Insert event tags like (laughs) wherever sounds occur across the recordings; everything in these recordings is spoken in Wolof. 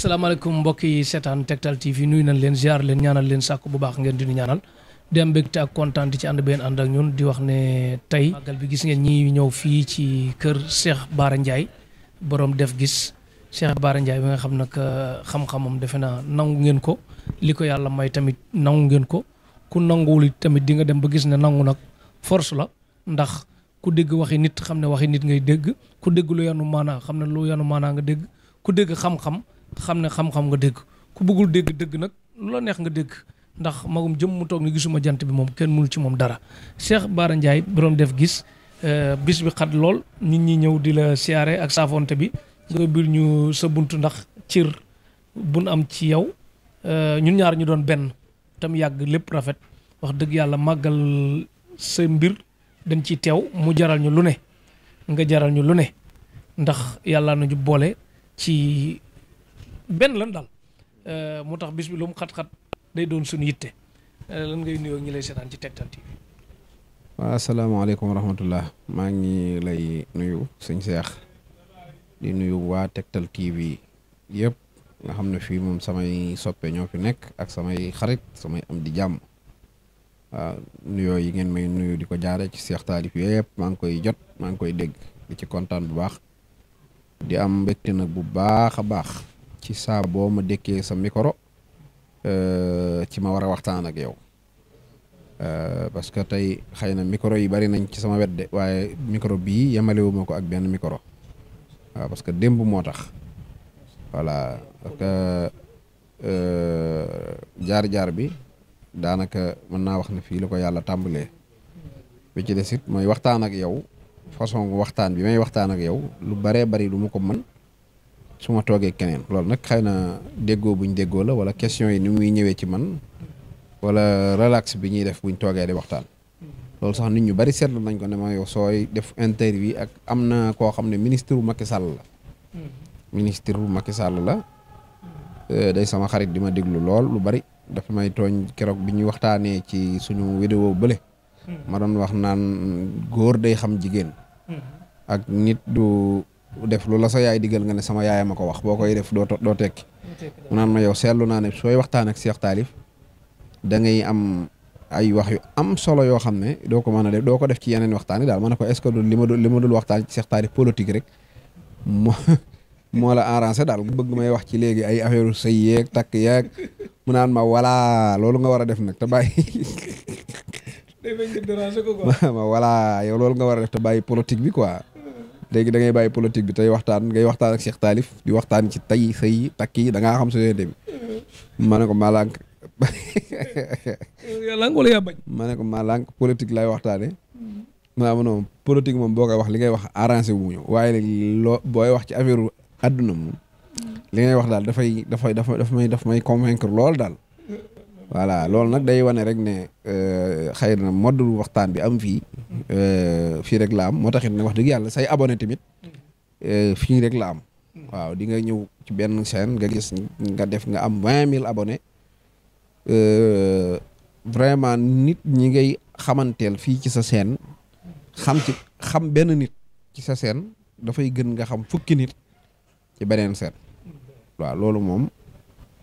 salaamaaleykum mbokk yi seetaan Tektal TV nuyu nañ leen ziar leen ñaanal leen sàkku bu baax ngeen di ñu ñaanal di am mbégte ak kontaan ci ànd benn ànd ak ñun di wax ne tey màggal bi gis ngeen ñi ñëw fii ci kër Cheikh Bara Ndiaye borom def gis Cheikh Bara njaay bi nga xam nag euh, xam-xamam defe naa nangu ngeen ko li ko yàlla may tamit nangu ngeen ko ku nanguwul tamit di nga dem ba gis ne nangu nag force la ndax ku dégg waxi nit xam ne waxi nit ngay dégg ku dégg lu yanu maanaa xam ne lu yanu maanaa nga dégg ku dégg xam xam ne xam-xam nga dégg ku bëggul dégg dëgg nag lu la neex nga dégg ndax magum jëm mu toog ni gisuma jant bi moom kenn mënu ci moom dara Cheikh Bara Ndiaye borom def gis euh, bis bi xat lool nit ñi ñëw di la siyaare ak saafonte bi nga bir ñu sa bunt ndax cir bun am ci yow euh, ñun ñaar ñu doon benn tam yàgg lépp rafet wax dëgg yàlla màggal sa mbir dañ ci teew mu jaral ñu lu ne nga jaral ñu lu ne ndax yàlla nañu boole ci benn lan daal euh, moo tax bis bi lu xat-xat day doon suñu yitte euh, lan ngay nuyoo ñi lay seetaan ci Tektal TV. waaw asalaamaaleykum wa rahmatullah maa ngi lay nuyu sëñ Seex di nuyu waa Tektal TV yëpp nga xam ne fii moom samay soppe ñoo fi nekk ak samay xarit samay am di jàmm waaw yi ngeen may nuyu di ko jaara ci Seex Taalif yëpp maa ngi koy jot maa ngi koy dégg di ci kontaan bu baax di am mbégte nag bu baax a baax. ci saa boo ma dékkee sa micro euh, ci ma war a waxtaan ak yow euh, parce que tey xëy na micro yi bari nañ ci sama wet de waaye micro bii yemalewu ko ak benn micro waaw parce que démb moo tax voilà parce euh, jaar-jaar bi daanaka mën naa wax ne fii la ko yàlla tàmbalee bi ci des it mooy waxtaan ak yow façon waxtaan bi may waxtaan ak yow lu baree bari lu ma ko mën su ma toogee keneen loolu nag xëy na déggoo buñ déggoo la wala question yi ni muy ñëwee ci man wala relax bi ñuy def buñ toogee di waxtaan loolu sax nit ñu bari seetlu nañ ko ne ma yow sooy def interview ak am na koo xam ne ministre bu Macky Sall la hmm. ministre bu Macky Sall la euh, day sama xarit di ma déglu lool lu bari dafa may tooñ keroog bi ñuy waxtaanee ci suñu vidéo bële hmm. ma doon wax naan góor day xam jigéen hmm. ak nit du def lu la sa yaay digal nga ne sama yaayam ma ko wax boo koy def doo doo tekki mu naan ma yow seetlu naa ne sooy waxtaan ak seex Taalif da ngay am ay wax yu am solo yoo xam ne doo ko mën a def doo ko def ci yeneen waxtaan yi daal ma ne ko est-ce que ma dul li ma dul waxtaan ci Cheikh Taalif politique rek moo moo la arrangé daal bëgg may wax ci léegi ay affaire sëy yeeg takk yeeg mu naan ma voilà loolu nga war a def nag te bàyyi (laughs) (laughs) ma voilà loolu nga war a def bàyyi politique bi quoi léegi da ngay bàyyi politique bi tey waxtaan ngay waxtaan ak Cheikh di waxtaan ci tay sëy takk yi da xam société bi mm-hmm. ma ne ko maa lànk (laughs) yaa lànk wala ma ne ko maa lànk politique lay waxtaane mm-hmm. maanaam noonu politique moom boo koy wax li ngay wax arrangé wu waaye nag loo booy wax ci affaire adduna moom mm-hmm. li ngay wax daal dafay dafay dafa daf may daf may convaincre lool daal voilà loolu nag day wane rek ne euh, xëy na modd waxtaan bi am fii euh, fii rek la am moo taxit ne wax dëgg yàlla say abone tamit euh, fii rek la am waaw di nga ñëw ci benn chaîne nga gis nga def nga am vingt mille abonné vraiment nit ñi ngay xamanteel fii ci sa chaîne xam ci xam benn nit ci sa chaîne dafay gën nga xam fukki nit ci beneen chaîne waaw loolu moom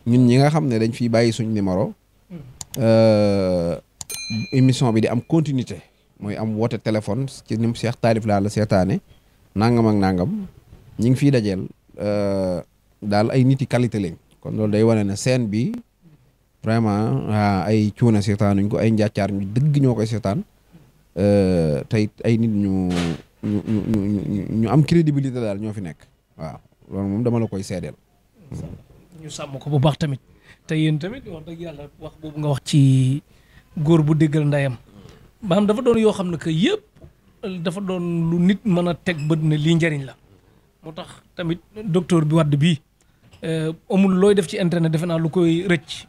ñun ñi nga xam ne dañ fiy bàyyi suñ numéro Euh, émission bi di am continuité mooy am woote téléphone ci ni mu Cheikh Taalif laa la seetaane nangam ak nangam ñi ngi fiy dajeel euh, daal ay nit yi qualité lañ kon loolu day wane na seen bi vraiment ah, ay cuuna seetaanuñ ko ay njàccaar ñu dëgg ñoo koy seetaan euh, tey ay nit ñu ñu ñu ñu am crédibilité daal ñoo fi nekk waaw loolu moom dama la koy seedeel. sàmm ko bu baax tamit. te yéen tamit wax dëgg yàlla wax boobu nga wax ci góor bu déggal ndeyam maanaam dafa doon yoo xam ne que yëpp dafa doon lu nit mën a teg bët na lii njëriñ la moo tax tamit docteur bi wadd bii euh, amul looy def ci internet dafe naa lu koy rëcc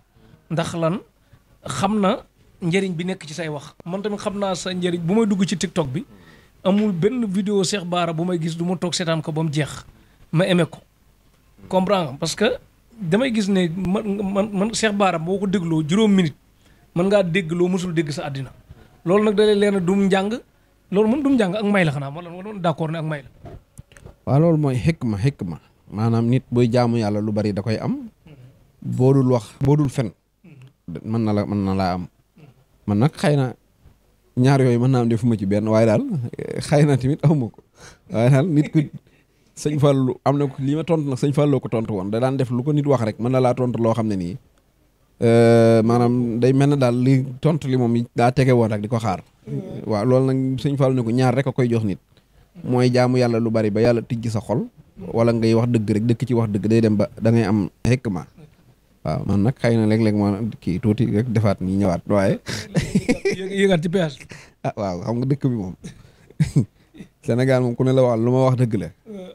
ndax lan xam na njëriñ bi nekk ci say wax man tamit xam naa sa njëriñ bu may dugg ci TikTok bi amul benn vidéo seex baara bu may gis lu ma toog seetaan ko ba mu jeex ma aimé ko comprends parce que damay gis ne man man man Cheikh Bara boo ko dégloo juróom minute mën ngaa dégg loo mësul dégg sa àddina loolu nag da lay leer dum njàng loolu moom dum njàng ak may la xanaa ma loolu d'accord ne ak may la. waaw loolu mooy xikma ma maanaam nit buy jaamu yàlla lu bari da koy am. wax boo dul mën na la mën na laa am. man nag xëy na ñaar yooyu mën na am ma ci benn waaye daal xëy na tamit amu waaye daal nit ku. sëñ Fallou am na ko lii ma tontu nag sëñ Fallou ko tontu woon da daan def lu ko nit wax rek mën na laa tontu loo xam ne nii euh, maanaam day mel na daal li tontu li moom daa tege woon rek di ko xaar. waaw loolu nag sëñ Fallou ne ko ñaar rek a koy jox nit. mooy jaamu yàlla lu bari ba yàlla tijji sa xol. wala ngay wax dëgg rek dëkk ci wax dëgg day dem ba da am hikma waaw man nag xëy na léeg-léeg ma kii tuuti rek defaat nii ñëwaat waaye. yëgaat ci péage. (laughs) Ah, waaw xam nga dëkk bi moom (laughs) Sénégal moom ku ne la wax lu ma wax dëgg la. Euh.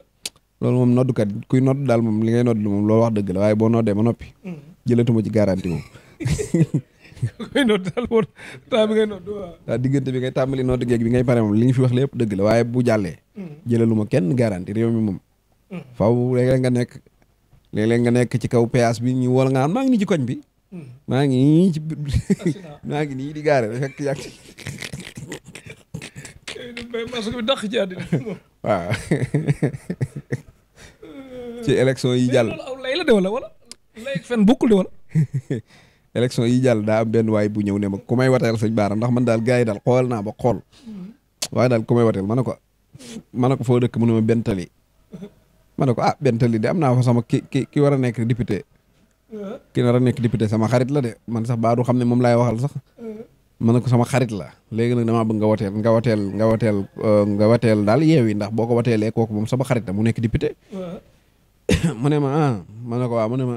loolu moom noddukat kuy nodd daal moom li ngay nodd moom loolu wax dëgg la waaye boo noddee ma noppi. Mm. jëlatuma ci garanti moom. (laughs) kuy nodd daal moom temps bi nga nodd waaw. diggante bi nodd geeg bi ngay pare moom li ñu fi wax lépp dëgg la waaye bu jàllee. Mm. ma kenn garanti réew mi moom. Mm. faaw léeg-léeg nga nekk léeg-léeg nga nekk ci kaw péage bi ñu wol nga am maa ngi nii ci koñ bi. maa ngi nii ci (laughs) maa nii di gaare fekk yàgg. masque ci àddina waaw ci élection yi jàll. aw wala wala fen bokkul de wala. (laughs) élection yi jàll daa benn waay bu ñëw nee ma ku may wateel sëñ Baara ndax man daal gars yi daal xool naa ba xool hmm. waaye daal ku may wateel ma ne ko ma ne ko foo dëkk mu ne ma benn tali (laughs) ne ko ah benn de am naa fa sama ki ki ki war a nekk député uh-huh. ki war a nekk député sama xarit la de man sax Baadu xam ne moom laay waxal sax. Uh-huh. mën na ko sama xarit la léegi nag damaa bëgg nga wateel nga woteel nga wateel euh, nga wateel daal yeewi ndax boo ko wateelee kooku moom sama xarit la mu nekk député (coughs) mu ne ma ah ma ne ko waaw mu ne ma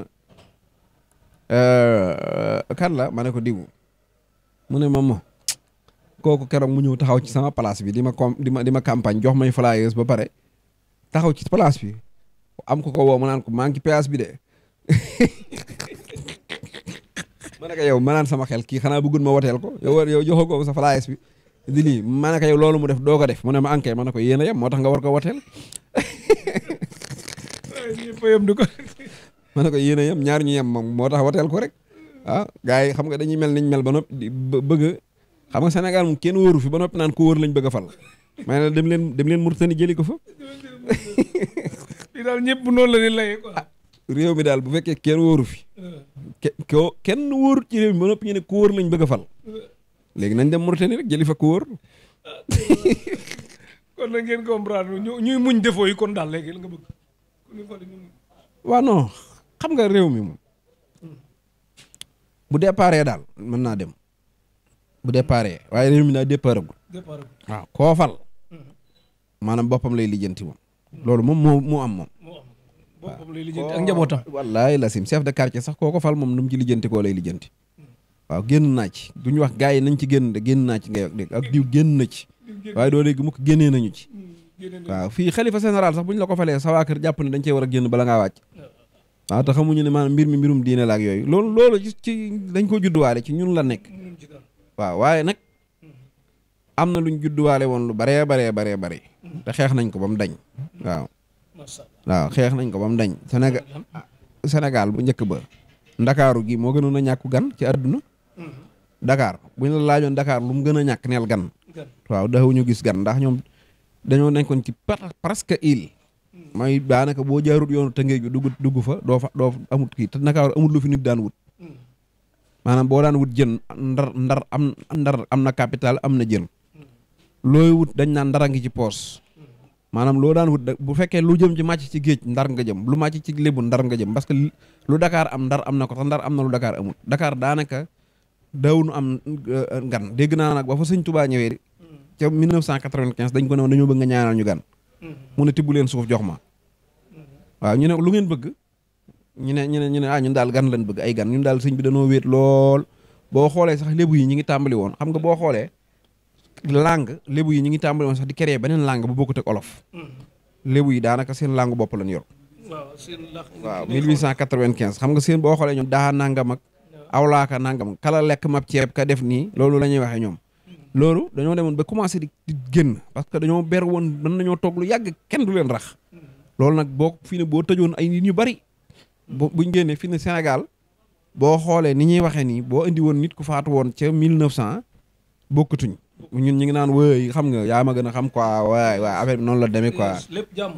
euh, kan la ma ne ko diw mu ne ma mo kooku keroog mu ñëw taxaw ci sama place bi di ma com di ma di campagne jox may flyers ba pare taxaw ci place bi am ko ko woo ma naan ko maa ngi ci place bi de (laughs) ma ne ko yow ma naan sama xel kii xanaa bëggun ma woteel ko yow war yow joxoo ko sa flyers bi di lii ma loolu mu def doo ko def mu ne ma ankay ma ne ko yéen a moo tax nga war ko woteel ñëpp yem du ko ma ne yéen a ñaar ñu yem moom moo tax woteel ko rek waaw ah, gars yi xam nga dañuy mel niñ mel ba noppi bëgg xam nga Sénégal moom kenn wóoru fi ba noppi naan ko wër lañ bëgg fal ma ne dem leen dem leen Mauritanie jëli ko fa. (laughs) li daal ñëpp la réew mi daal bu fekkee kenn wóoru fi ko kenn wóorut ci réew mi ba noppi ñu ne ku wóor lañ bëgg a fal léegi nañ dem Mauritanie rek jëli fa ku wóor (laughs) kon na ngeen comprendre ñuy muñ défaut yi kon daal léegi la nga bëgg waaw non xam nga réew mi moom bu déparé daal mën naa dem bu déparé waaye réew mi naa déparagul waaw koo fal mm-hmm. maanaam boppam lay lijjanti moom loolu moom moo moo am moom boppam lay lijjanti ak njabootam. wallaay lasim chef de quartier sax koo ko fal moom nu mu ci lijjanti koo lay lijjanti. Hmm. waaw génn naa ci duñu wax gars yi nañ ci génn de génn naa ci ngay ak diw génn na ci. waaye doo dégg mukk hmm, génnee nañu ci. waaw fii xalifa général sax bu ñu la ko falee sa waa kër jàpp ne dañ cee war a génn bala ngaa wàcc. waaw te xamuñu ne maanaam mbir mi mbirum diine la ak yooyu loolu loolu ci dañ ko judduwaale ci ñun la nekk. waaw waaye nag hmm. am na luñ judduwaale woon lu baree baree baree bare te xeex nañ ko ba mu dañ waaw waaw xeex nañ ko ba mu dañ Sénégal ah, Sénégal bu njëkk ba ndakaaru gi moo gënoon a ñàkku gan ci àdduna mhm. Dakar bu ñu laajoon Dakar lu mu gën a ñàkk neel gan waaw daawuñu gis gan ndax ñoom dañoo nekkoon ci presque île mhm. mooy daanaka boo jaarut yoonu tëngéej bi dugg dugg fa doo fa doo amut kii te Dakar amut lu fi nit daan wut mhm. maanaam boo daan wut jën ndar ndar am ndar am na capital am na jën looy wut dañ naan ndara ngi ci poos maanaam loo daan wut bu fekkee lu jëm ci màcc ci géej ndar nga jëm lu màcc ci lébu ndar nga jëm parce que lu dakaar am ndar am na ko te ndar am na lu dakaar amul dakaar daanaka daawunu am euh, ngan dégg naa nag ba fa sëñ Touba ñëwee ca 1995 dañ ko ne woon dañoo bëgg nga ñaanal ñu gan mu ne tibb leen suuf jox ma waaw ñu ne lu ngeen bëgg ñu ne ñu ne ñu ne ah ñun daal gan lañ bëgg ay gan ñun daal sëñ bi dañoo wéet lool boo xoolee sax lébu yi ñu ngi tàmbali woon xam nga boo xoolee langue lébu yi ñu ngi tàmbali woon sax di créer beneen langue bu bokkut ak olof. Mm-hmm. lébu yi daanaka seen langue bopp lañ yor. waaw seen la waaw 1895 xam nga seen boo xoolee ñoom daa nangam ak. awlaaka nangam kala lekk mab ceeb ka def nii loolu la ñuy waxee ñoom. Mm-hmm. loolu dañoo demoon ba commencé di génn parce que dañoo ber woon mën nañoo toog lu yàgg kenn du leen rax. Mm-hmm. loolu nag boo fi ne boo tëjoon ay nit ñu bari. bu buñ génnee fi ne Sénégal boo xoolee ni ñuy waxee nii boo indi woon nit ku faatu woon ca 1900 bokkatuñ. ñun ñu ngi naan wëy xam nga yaa ma gën a xam quoi waay waay bi noonu la demee quoi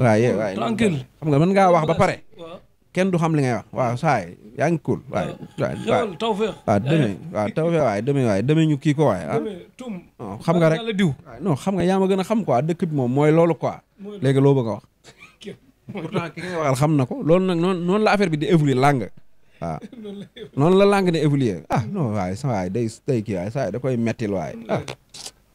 waay waay tranquille xam nga mën ngaa wax ba pare kenn du xam li ngay wax waaw saay yaa ngi cool waay waay waaw demee demee ñu kii ko waay ah xam nga rek no xam nga yaa ma gën a xam quoi dëkk moom mooy loolu quoi léegi loo bëgg wax (laughs) pourtant ki xam na ko loolu nag noonu noonu la affaire bi di évoluer làng waaw ah. (laughs) noonu la langue ne évoluer ah non waaye sa waay day koy mettil waaye ah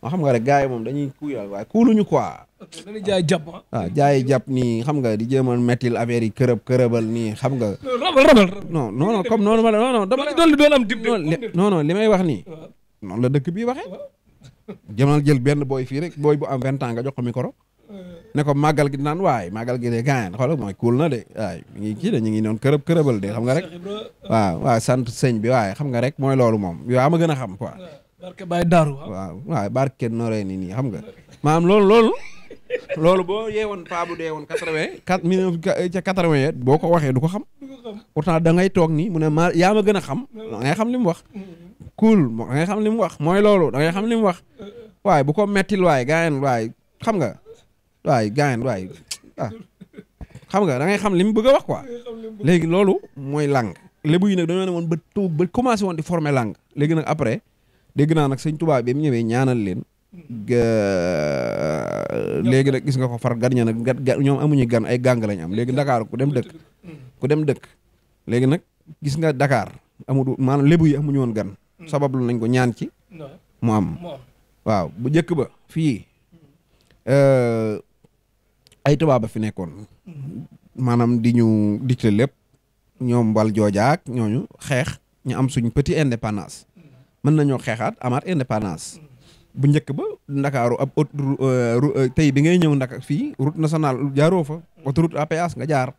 moo xam nga rek gars yi moom dañuy kuyal waaye kuuluñu quoi dañuy jaay jàpp waaw ah. ah, jaay jàpp nii xam nga di jéemal mettil affaire yi kërëb kërëbal nii xam nga rabal rabal non non non comme noonu ma non non dama doon doon am dib non non li may wax nii noonu la dëkk bii waxee jëmal jël benn booy fii rek booy bu am vingt ans nga jox ne ko màggal gi naan waaye màggal gi de gaañ xoolal mooy kuul na de waay mi kii de ñu ngi noonu kërëb kërëbal de xam ga rek waaw sant sëñ bi waaye xam nga rek mooy loolu moom yow ma gën a xam quoi. barke Baye Darou waaw waaw barke Noré ni nii xam nga maanaam loolu loolu. loolu boo yeewoon paa bu dee woon quatre-vingt quatre mille ca quatre boo ko waxee du ko xam pourtant da ngay toog nii mu ne ma yaa ma gën a xam da ngay xam li mu wax mm-hmm. cool da xam li mu wax mooy loolu da ngay xam li mu wax waaye bu ko mettil waaye gaayen waaye xam nga waay gaañ waay ah xam nga dangay xam li mu bëgg a wax ko léegi loolu mooy langue lébu yi nag dañoo ne woon ba tuub ba commencé woon di former langue léegi nag après dégg naa nag sañ tubaab bi mu ñëwee ñaanal leen léegi nag gis nga ko far garña nag gan ñoom amuñu gan ay gàng lañ am léegi Dakar ku dem dëkk mm. ku dem dëkk léegi nag gis nga Dakar amul maanaam lébu yi amuñu woon gan mm. sabablu nañ ko ñaan ci mu am waaw bu njëkk ba fii mm. euh, ay tubaab fi nekkoon. maanaam di ñu dicté lépp. ñoom wal joojaak ñooñu xeex ñu am suñ petit indépendance. mën nañoo xeexaat amaat indépendance. bu njëkk ba ndakaaru ab euh, euh, tey bi ngay ñëw ndaka fii route nationale jaaroo fa autoroute à péage nga jaar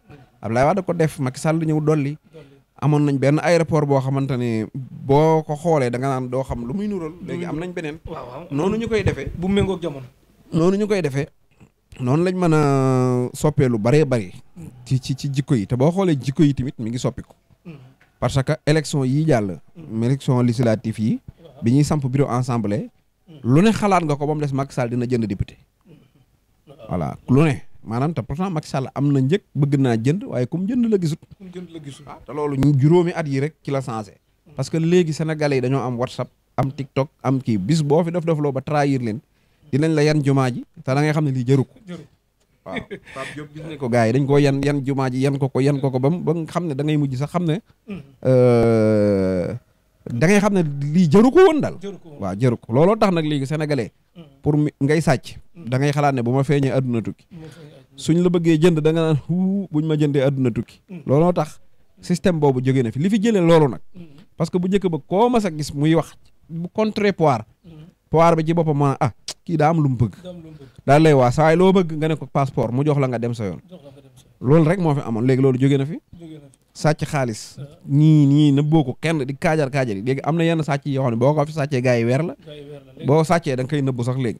Abdoulaye Wade ko def mag Macky Sall ñëw dolli amoon nañ benn aéroport boo xamante ne boo ko xoolee da naan doo xam lu muy nural léegi am nañ beneen noonu ñu koy defee bu méngoog jamono noonu ñu koy defee noonu lañ mën a soppee lu baree bëri. ci ci ci jikko yi te boo xoolee jikko yi tamit mi ngi soppiku. Mm-hmm. parce que élection yii jàll. Mm-hmm. élection législative yi. bi ñuy samp bureau assemblée. Mm-hmm. lu ne xalaat nga ko ba mu des Macky Sall dina jënd député. voilà lu ne maanaam te pourtant Macky Sall am na njëg bëgg naa jënd waaye comme jënd la gisut. comme jënd la gisut ah, te loolu ñu juróomi at yi rek ci la changé. parce que léegi sénégalais yi dañoo am whatsapp am tiktok am kii bis boo fi def def loo ba trahir leen. dinañ la yan jumaa ji te da ngay xam ne lii jëru ko waaw (laughs) Pape Diop gis ko gars yi dañ koo yan yan jumaa ji yan ko ko yan ko ko ba ba xam ne da mujj sax xam ne mm-hmm. euh, da ngay xam ne lii jëru ko woon daal waaw jëru ko looloo tax nag léegi sénégalais mm-hmm. pour ngay sàcc mm-hmm. dangay ngay xalaat ne bu ma feeñee adduna tukki suñ la bëggee jënd da nga naan buñ ma jëndee adduna tukki looloo tax système boobu jógee na fi li fi jëlee loolu nag parce que bu njëkk ba koo mas a gis muy wax bu contrepoids pouvoir ba ci boppam moo ah kii daa am lu mu bëgg daal lay waa saa loo bëgg nga ne ko passeport mu jox la nga dem sa yoon loolu rek moo fi amoon léegi loolu jóge na fi sàcc xaalis ah. ñii ñii na boo ko kenn di kaajar kaajar yi léegi am na yenn sàcc yoo xam boo ko fi sàccee gaa yi weer la boo sàccee da kay nëbbu sax léegi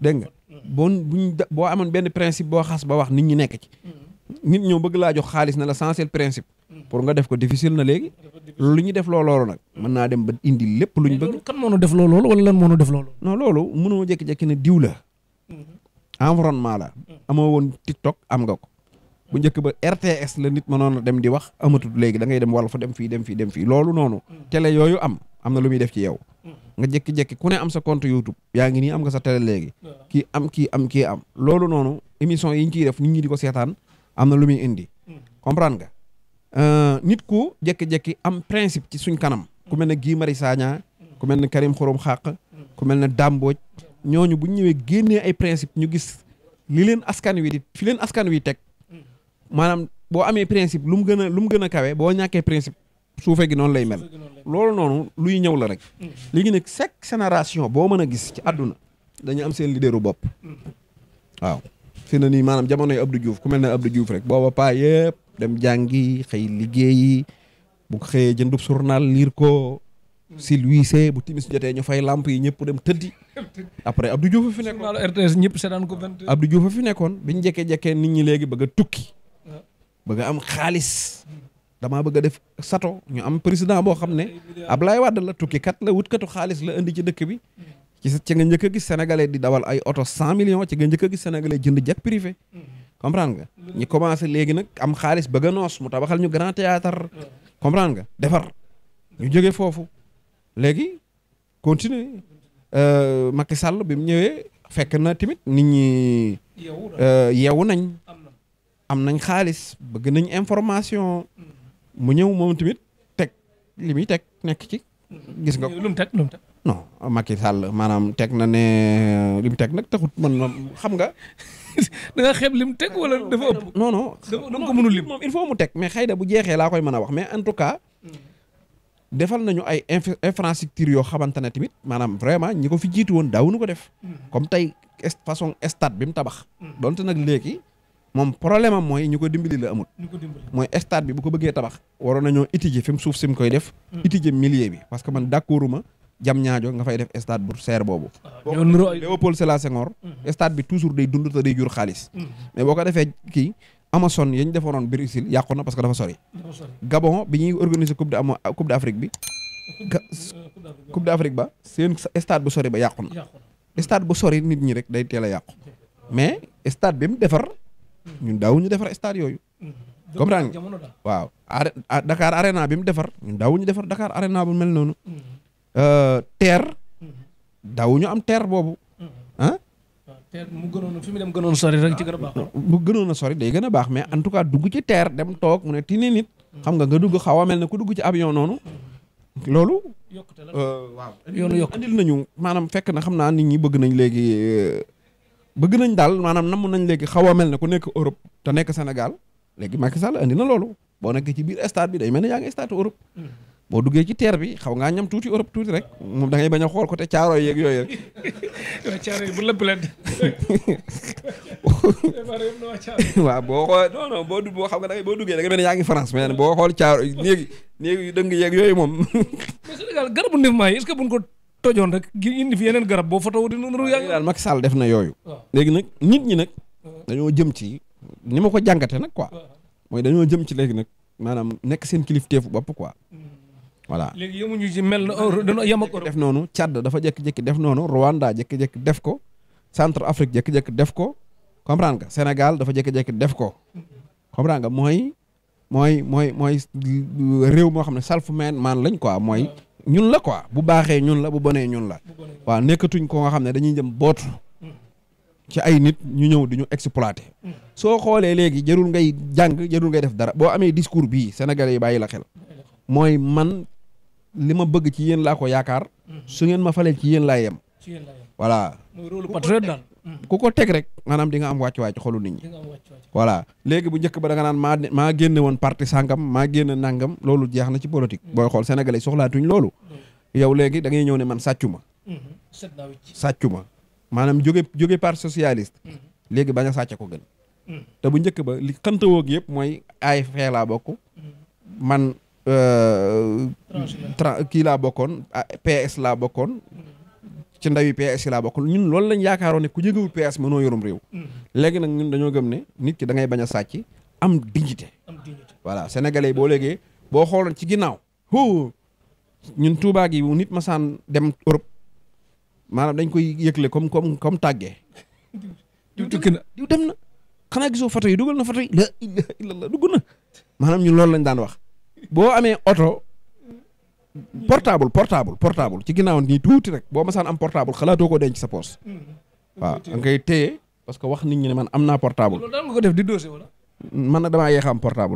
dégg nga ah. boo buñ boo amoon benn principe boo xas ba wax nit ñi nekk ci mm-hmm. nit ñëw bëgg laa jox xaalis na la l'essentiel principe. pour nga def ko difficile na léegi. lu ñu def loolu nag. mën naa dem ba indi lépp lu ñu bëgg. kan moo def loolu wala lan moo def loolu. non loolu mënoo jékki-jékki ne diw la. environnement la. Mm-hmm. amoo woon TikTok am nga ko. bu njëkk ba RTS la nit mënoon a dem di wax amatul léegi dangay ngay dem wala fa dem fii dem fii loolu noonu. Mm-hmm. télé yooyu am am na lu muy def ci yow. Mm-hmm. nga jékki-jékki ku ne am sa compte YouTube. yaa ngi nii am nga sa télé léegi. kii am kii am yi ñu ciy am na lu muy indi. Hmm. comprendre nga euh, nit ku jékki-jékki am principe ci suñ kanam. Hmm. ku mel ne Guy Marius Sagna hmm. ku mel ne Karim Xurum Xaq. ku mel ne Dame ñooñu bu ñëwee génnee ay principe ñu gis li leen askan wi di fi leen askan wi teg maanaam boo amee principe lu mu gën a lu mu gën a kawe boo ñàkkee principe suufee gi noonu lay mel. loolu noonu luy ñëw la rek. li léegi nag chaque génération boo mën a gis ci àdduna dañu am seen leaderu bopp waaw. fi nii maanaam jamonoy Abdou Diouf ku mel ne Abdou Diouf rek booba paa yëpp dem jàngi xëy liggéeyi bu xëyee jëndub journal liir ko si luisee bu timis jotee ñu fay lamp yi ñëpp dem tëddi après Abdou Diouf a fi nekkoon journal RTS ñëpp seetaan ko Abdou Diouf a fi nekkoon biñ jekkee jekkee nit ñi léegi bëgg a tukki ah. ba a am xaalis damaa bëgg a def sato ñu am président boo xam ne Ablaye Wade la tukkikat la wutkatu xaalis la indi ci dëkk bi ci sa ci nga njëkk gis sénégalais di dawal ay oto cent millions ci nga gis sénégalais jënd jet privé. comprendre nga. ñu commencé léegi nag am xaalis bëgg a noos mu tabaxal ñu grand théâtre comprendre nga defar. ñu jógee foofu léegi continuer euh, Macky Sall bi mu ñëwee fekk na tamit nit ñi. Euh, yeewu nañ. am nañ xaalis bëgg nañ information. mu ñëw moom tamit teg li muy teg nekk ci. gis nga lum teg lum teg non Macky Sall maanaam teg na ne li mu teg nag taxut man xam nga. (laughs) da nga xeeb lim teg wala dafa ëpp. non non da nga ko moom il faut mu teg mais xëy na bu jeexee laa koy mën a wax mais en tout cas. defal nañu ay infrastructure yoo xamante ne tamit maanaam vraiment ñi ko fi jiitu woon daawuñu ko def. Mm. comme tey façon stade bi mu tabax. Mm. donte nag léegi. moom problème am mooy ñu ko dimbali la amul mooy stade bi bu ko bëggee tabax waroon nañoo étudier fi mu suuf si mu koy def mm. étudier milieu bi parce que man d'accorduma jam ñaajo nga fay def stade bu seer boobu ah, Léopold Sédar Senghor mm. stade bi toujours day dund te day jur xaalis mm. mais boo ko defee kii Amazon yañ defaroon Brésil yàqu na parce que dafa sori Gabon bi ñuy organiser coupe de am coupe d'Afrique bi (laughs) euh, coupe d'Afrique ba seen stade bu sori ba yàqu na stade bu sori nit ñi rek day teel a yàqu mais stade bi mu defar ñun daawuñu defar stade yooyu. comprendre nga waaw. Ah, Dakar Arena bi mu defar ñun daawuñu defar Dakar Arena bu mel noonu. Mm-hmm. Euh, terre. Mm-hmm. daawuñu am terre boobu. ah. terre mu gënoon fi mu dem gënoon sori rek ci gën a baax. bu gënoon a sori day gën baax mais en tout cas dugg ci terre dem toog mu ne tini nit. xam nga nga dugg xaw a mel ne ku dugg ci avion noonu. loolu. yokkute la euh, waaw yoonu yokkute andil nañu maanaam fekk na xam naa nit ñi bëgg nañ léegi. Euh, bëgg nañ daal maanaam namm nañ léegi xaw a mel ne ku nekk Europe te nekk Sénégal léegi Macky Sall andi na loolu boo nekkee ci biir stade bi day mel ne yaa ngi stade mm. boo duggee ci terre bi xaw ngaa ñam tuuti Europe tuuti rek moom da bañ a xool côté caaro yeeg yooyu rek. (laughs) waaw caaro yi bu (laughs) boo xoolee non non boo boo xam nga boo duggee da nga yaa ngi France mais boo xool caaro néegi néegi dëng yeeg yooyu moom. (laughs) mais Sénégal garabu ndef maa yi est-ce ko. tojoon rek ngir indi fi yeneen garab boo fotow di nuru yàgg daal def na yooyu léegi nag nit ñi nag dañoo jëm ci ni ma ko jàngate nag quoi mooy dañoo jëm ci léegi nag maanaam nekk seen kilifteefu bopp quoi mm. voilà léegi yemuñu ci mel na oh, yem def noonu Tchad dafa jékki-jékki def noonu Rwanda jékki-jékki def ko Centre Afrique jékki def ko comprendre Sénégal dafa jékki-jékki def ko comprendre nga mooy mooy mooy mooy réew moo xam ne self-made man lañ quoi mooy ñun la quoi bu baaxee ñun la bu bonee ñun la waaw nekkatuñ ko nga xam ne dañuy jëm bootu ci ay nit ñu ñëw duñu exploité hmm. soo xoolee léegi jarul ngay jàng jarul ngay def dara boo amee discours bii sénégalais yi bàyyi la xel mooy man li ma bëgg ci yéen laa ko yaakaar hmm. su ngeen ma falee ci yéen laa yem voilà ku ko teg rek maanaam di nga am wàccuwaay ci xolu nit ñi voilà léegi bu njëkk ba da nga naan maa maa génne woon parti sàngam maa génn nangam loolu jeex na ci politique mm. booy xool a sénégalais soxlaatuñ loolu mm. yow léegi da ngay ñëw ne man sàccu ma mm-hmm. sàccu ma maanaam jóge jóge parti socialiste mm-hmm. léegi bañ a ko gën mm. te bu njëkk ba li xëntawoog yëpp mooy ay fee laa bokk mm-hmm. man euh, kii laa bokkoon PS laa bokkoon ci ndawi PS laa bokk ñun lool lañ yaakaaroon ne ku jégewul PS mënoo yorum réew mm. léegi nag ñun dañoo gëm ne nit ki dangay ngay bañ a sàcc am dignité voilà sénégalais boo léegi boo xooloon ci ginnaaw huu ñun Touba gi nit masaan dem Europe maanaam dañ koy yëgle comme kom comme tàggee (laughs) diw tukki dem na xanaa gisoo photo yi dugal na photo yi la ilaha dugg na maanaam ñun loolu lañ daan wax boo amee oto portable portable portable ci ginnaaw nii tuuti rek boo masaan am portable xalaatoo ko denc sa poos mm-hmm. Mm-hmm. waaw da ngay téye parce que wax nit ñi ne man am naa portable. a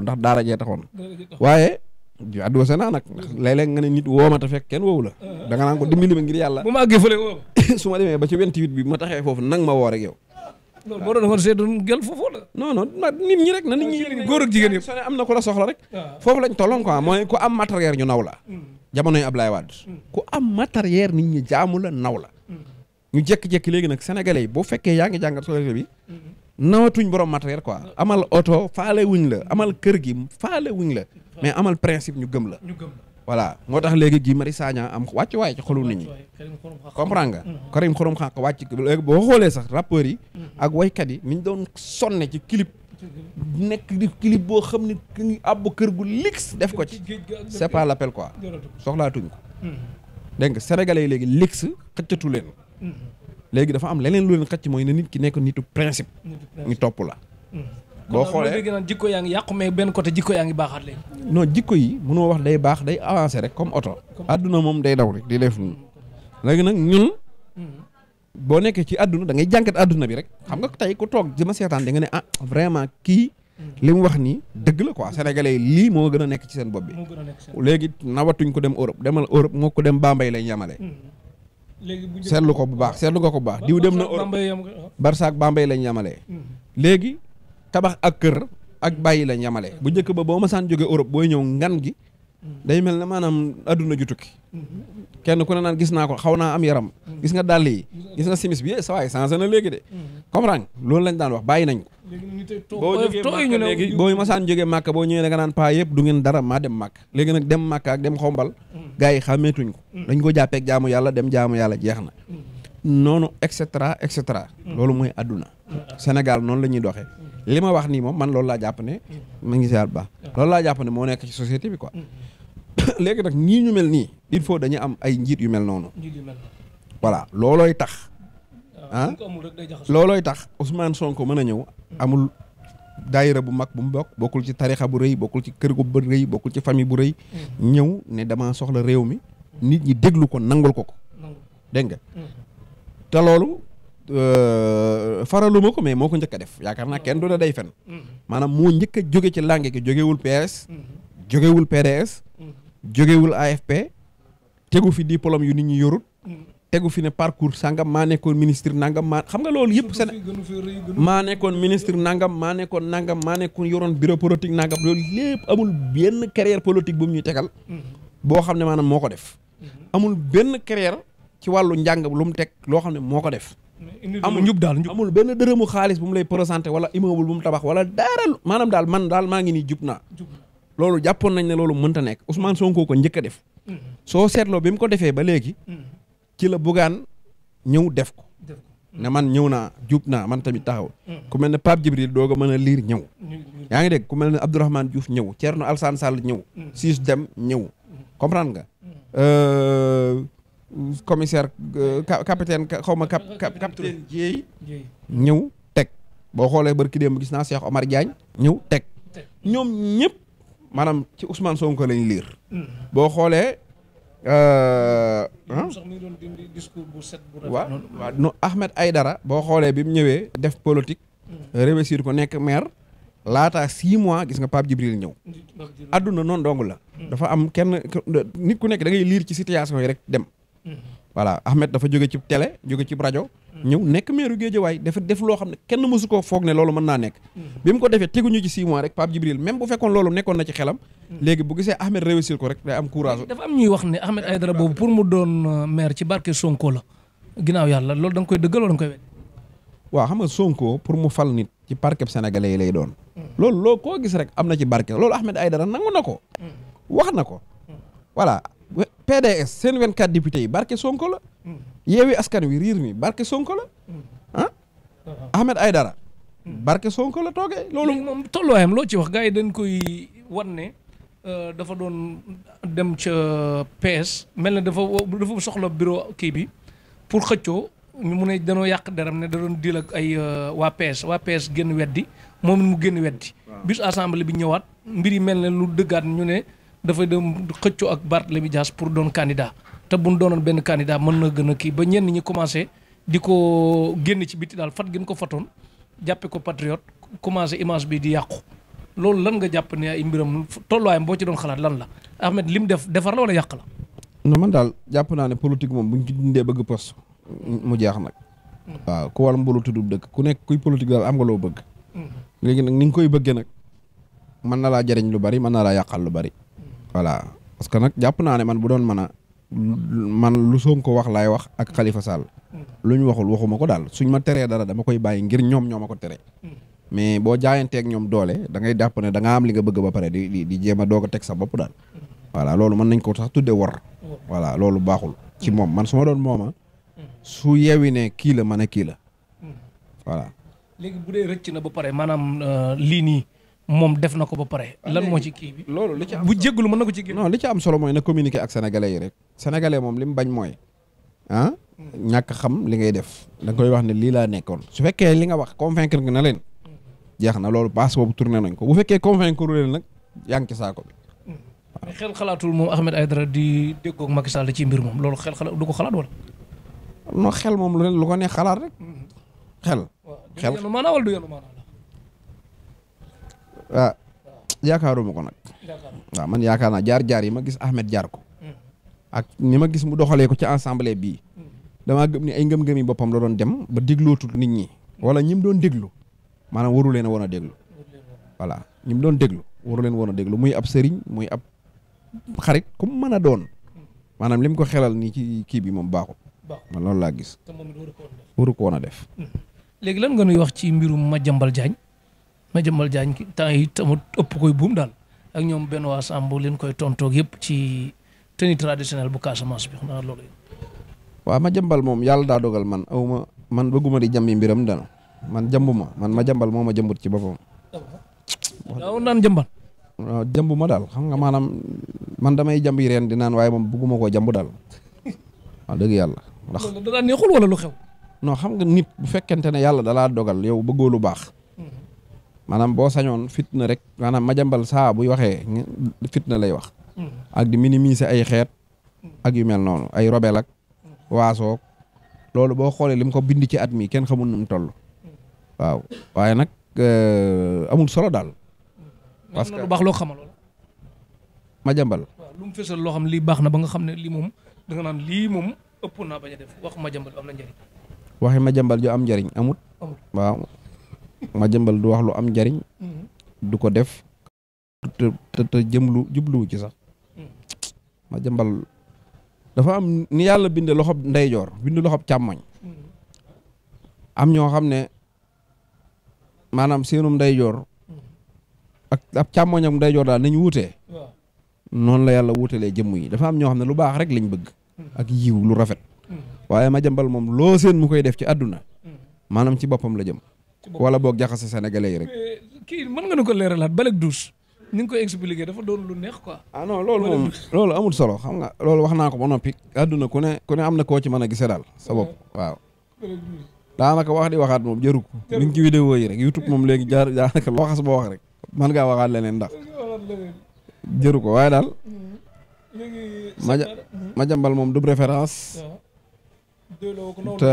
ndax daara jee taxoon. waaye. waaw doose naa nag ndax mm-hmm. nga ne nit woo ma fekk kenn woowu la. Uh-huh. da nga naan ko dimbali ma ngir yàlla. bu (laughs) demee ba ci 28 bi ma taxee foofu la. non non nit la soxla rek. Uh-huh. lañ tolloon quoi am matériel ñu naw la. jamonoy Ablaye Wade mm. ku am matériel nit ñi jaamu la naw la mm. ñu jékki-jékki léegi nag sénégalais yi boo fekkee yaa ngi jàngat société bi mm-hmm. nawatuñ borom matériel quoi mm-hmm. amal oto faale wuñ la amal kër gi faale wuñ la mm-hmm. mais amal principe ñu gëm la voilà moo tax léegi gii Marius Sagna am wàcc waay ci xolu nit ñi comprendre nga Karim Xurum Xaq wàcc léegi boo xoolee sax rappeurs yi ak waykat yi niñ doon sonne ci clip nekk di clip boo xam ne ki ngi àbb kër gu lix def ko ci c'est pas l'appel quoi soxlaatuñ ko mm-hmm. dégg nga sénégalais léegi lix xëccatu leen mm-hmm. léegi dafa am leneen lu leen xëcc mooy ne nit ki nekk nitu principe ñu topp la mm-hmm. boo xoolee kon nag jikko yaa ngi yàqu mais benn côté jikko yaa ngi baaxaat léegi. non jikko yi mënoo wax day baax day avancé rek comme oto. àdduna moom day daw rek di def nu léegi nag ñun. boo nekkee ci àdduna da ngay jànkat àdduna bi rek xam nga tey ku toog jëma seetaan da nga ne ah vraiment kii mm. li mu wax nii dëgg la ko sénégalais yi lii moo gën a nekk ci seen bopp bi léegi nawatuñ ko dem Europe demal Europe moo ko dem Bambey lañ yemale mm. seetlu ko bu baax seetlu nga ko bu baax diw dem na Europe barsaak Bambey lañ yemale mm. léegi tabax ak kër ak bàyyi lañ yemale bu njëkk ba boo masaan jóge Europe booy ñëw ngan gi day mel ne maanaam adduna ju tukki kenn ku ne naan gis naa ko xaw naa am yaram gis nga dàll yi gis nga simis bi eh, sa waay changé na léegi de comprendre loolu lañ daan wax bàyyi nañ ko boo masaan jógee màkk boo ñëwee da nga naan paa yëpp du ngeen dara maa dem màkk léegi dem màkk ak dem xombal gars yi xàmmeetuñ ko mm. dañ ko jàppeeg jaamu yàlla dem jaamu yàlla jeex na mm. noonu et cetera et cetera mm. loolu mooy adduna Sénégal noonu la ñuy doxee li ma wax nii moom man loolu laa jàpp ne ma ngi siyaar baax loolu laa jàpp ne moo nekk ci société bi quoi (coughs) léegi nag ñii ñu mel nii il faut dañu am ay njiit yu mel noonu. njiit yu mel loolooy tax. ah, ah? loolooy tax Ousmane ko mën a ñëw. Hmm. amul daayira bu mag bu mu bokk bokkul ci tarixa bu rëy bokkul ci kër gu bu rëy bokkul ci famille bu rëy. Hmm. ñëw ne dama soxla réew mi. nit ñi déglu ko nangul ko ko. dégg nga. Hmm. te loolu euh, faraluma ko mais moo ko njëkk a def yaakaar naa kenn du ne day fen maanaam moo njëkk a jóge ci lànge ki jógewul PS. jógewul PDS. jógewul AFP tegu fi diplôme yu nit ñi yorut hmm. tegu fi ne parcours sangam maa nekkoon ministre nangam maa xam loolu yëpp seen maa nekkoon ministre nangam maa nekkoon nangam maa nekkoon yoroon bureau politique nangam loolu lépp amul benn carrière politique bu mu ñuy tegal hmm. boo xam ne maanaam moo ko def hmm. amul benn carrière ci wàllu njàng lu mu teg loo xam ne moo ko def amul njub daal njub amul benn dërëmu xaalis bu mu lay présenté wala immeuble bu mu tabax wala dara maanaam daal man daal maa ngi nii jub naa loolu jàppoon nañ ne loolu mënta nekk Ousmane Sonko ko njëkk def. soo seetloo bi mu ko defee ba léegi. ci la bugaan ñëw def ko. ne man ñëw naa jub naa man tamit taxaw. ku mel ne Pape Djibril doog mën a liir ñëw. yaa ngi dégg ku mel ne Abdourahmane Diouf ñëw Thierno Alassane Sall ñëw. Ciss Deme ñëw. comprendre nga. Euh, commissaire euh, capitaine xaw ma cap cap capitaine Dieye. ñëw teg boo xoolee barki démb gis naa Cheikh Omar Diagne. ñëw teg ñoom ñëpp. maanaam ci Ousmane Sonko lañuy liir. Mm. boo xoolee. Euh, ah. sax mi ngi nu Ahmed Aydara. boo xoolee bi mu ñëwee. def politique. Mm. réussir ko nekk maire. laataa six mois gis nga Pape Djibril ñëw. adduna noonu dong la. Mm. dafa am kenn nit ku nekk da liir ci situation yi rek dem. voilà Ahmed dafa jóge ci télé jóge ci rajo. Hmm. ñëw nekk meeru Géejawaay dafa def loo xam ne kenn mësu ko foog ne loolu mën naa nekk. Hmm. bi mu ko defee teguñu ci 6 mois rek Pape Djibril même bu fekkoon loolu nekkoon na ci xelam. Hmm. léegi bu gisee Ahmed réussir ko rek day am courage. dafa am ñuy wax ne Ahmed Aïdara boobu pour mu doon euh, maire ci barke Sonko la ginnaaw yàlla loolu da nga koy dëggal wala da koy wet. waaw xam nga Sonko pour mu fal nit ci barke Sénégalais yi lay doon. loolu loo koo gis rek am na ci barke loolu Ahmed Aïdara nangu na ko. wax na ko. p PDS seen 24 députés yi barke Sonko la. Hmm. yeewi askan wi riir mi barke Sonko la. Hmm. ah uh-huh. Ahmed Aydara. Hmm. barke Sonko la toogee loolu. moom tolluwaayam loo ci wax gars yi dañ koy wan ne euh, dafa doon dem ca PS mel na dafa soxla bureau kii bi pour xëccoo ñu mun a danoo yàq deram ne da doon diil ak ay euh, waa PS waa PS génn weddi moom mu génn weddi. bis assemblée bi ñëwaat mbir yi mel ne lu dëggaat ñu ne. dafa dem xëccoo ak Barthélémy Dias pour doon candidat te bu ñu doonoon benn candidat mën na gën a kii ba ñenn ñi commencé di ko génn ci biti daal fat gën ko fatoon jàppe ko patriote commencé image bi di yàqu loolu lan nga jàpp ne ay mbiram tolluwaayam boo ci doon xalaat lan la Ahmed lim def defar yàq la. non man daal jàpp naa ne politique moom bu ñu ci dindee bëgg poste mu jeex nag. waaw ku wal mbooloo tudd dëkk ku nekk kuy politique daal am nga loo bëgg. Mm. léegi nag ni nga koy bëggee nag mën na laa jariñ lu bari mën naa laa yàqal lu bari. voilà parce que nag jàpp naa ne man bu doon mën man lu ko wax laay wax ak Khalifa Sall. lu ñu waxul waxuma ko daal suñ ma teree dara dama koy bàyyi ngir ñoom ñoo ko tere. mais boo jaayanteeg ñoom doole da ngay jàpp ne da am li nga bëgg ba pare di di di jéem a doog a teg sa bopp daal. voilà loolu mën nañ ko sax tudde war. voilà loolu baaxul. ci moom man su ma doon mooma. su yewi ne kii la ma ne kii la. voilà. léegi bu dee rëcc na ba pare maanaam euh, lii moom def na ko ba pare ah, lan moo ci kii bi. loolu li ci am bu jégalu ma na ko ci. non li ci am solo mooy na communiquer ak sénégalais yi rek. sénégalais moom li mu bañ mooy ah. ñàkk xam li ngay def. da koy wax ne lii laa nekkoon. su fekkee li nga wax convaincre na leen. jeex na loolu passe boobu tourné nañ ko bu fekkee convaincre leen nag yaa saako bi. Hmm. mais xel xalaatul moom Ahmed dara di déggoog Macky Sall ci mbir moom loolu xel xalaat du ko xalaat wala. xel moom lu leen lu ko neex xalaat rek. Hmm. xel. xel du yenu maanaa wala du yenu ah yaakaaruma ko nag. waaw man yaakaar naa jaar jaar yi ma gis Ahmed jaar ko. Hmm. ak ni ma gis mu doxalee ko ci ensemble bi hmm. damaa gëm ni ay ngëm-ngëm yi boppam la doon dem ba déglootul nit ñi. wala ñi mu doon déglu maanaam waru leen a woon a déglu. voilà ñi doon déglu waru leen woon a déglu muy ab sëriñ muy ab xarit ku mu mën a doon. Hmm. maanaam lim ko xelal nii ci kii bi moom baaxul. man loolu laa gis. waru ko woon a def. léegi lan nga nuy wax ci mbirum ma Madiambal Diagne. ma jëmbal jaañ temps yi tamit ëpp koy buum daal ak ñoom benn waa Samb leen koy tontoog yëpp ci tenue traditionnelle bu Casamance bi xam naa loolu waaw ma jëmbal moom yàlla daa dogal man awma man bëgguma di jàmbi mbiram dana man jambuma man ma jambal moo ma jëmbut ci boppam. waaw naan jëmbal. jëmbu ma daal xam nga maanaam man damay jàmbi reen di naan waaye moom bëgguma koo jàmbu daal dëgg yàlla. ndax da daan neexul lu xew. non xam nit bu fekkente ne yàlla dalaa dogal yow bëggoo lu baax. maanaam boo sañoon fitna rek maanaam Madiambal saa buy waxee fitna lay wax. Mm-hmm. ak di minimiser ay xeet. ak yu mel noonu ay robel ak. Mm-hmm. loolu boo xoolee lim ko bind ci at mi kenn xamul nu mu mm-hmm. waaw waaye nag euh, amul solo daal. parce que lu baax loo xamaloon. loo xam lii baax na ba nga xam ne lii moom da nga naan lii a def wax Madiambal am na njëriñ. waxi Madiambal am njëriñ amut. waaw ma jëmbal du wax lu am njariñ mm-hmm. du ko def te te jëmlu jubluwu ci sax mm-hmm. ma jëmbal dafa am ni yàlla binde loxob ndeyjoor binde loxob càmmoñ mm-hmm. am ñoo xam ne maanaam seenum ndeyjoor ak ab càmmoñam ndeyjoor daal nañ wutee noonu la yàlla wuutalee jëm yi dafa am ñoo xam ne lu baax rek lañ bëgg ak yiw lu rafet waaye ma jëmbal moom loo seen mu koy def ci àdduna maanaam ci boppam la jëm wala boog jaxase sénégalais yi rek. kii mën nga nu ko leeralaat balak douche. ni nga koy expliqué dafa doon lu neex ko ah non loolu moom loolu amul solo xam nga loolu wax naa ko ba noppi. àdduna ku ne ku ne am na koo ci mën a gisee daal sa bopp waaw. daanaka wax di waxaat moom jëru ko. ni ci vidéo rek YouTube moom léegi jaar daanaka loo xas ba wax rek. mën ngaa leneen ndax. jëru ko waaye daal. Mm-hmm. ma mm-hmm. Madiambal moom du référence. Ah. te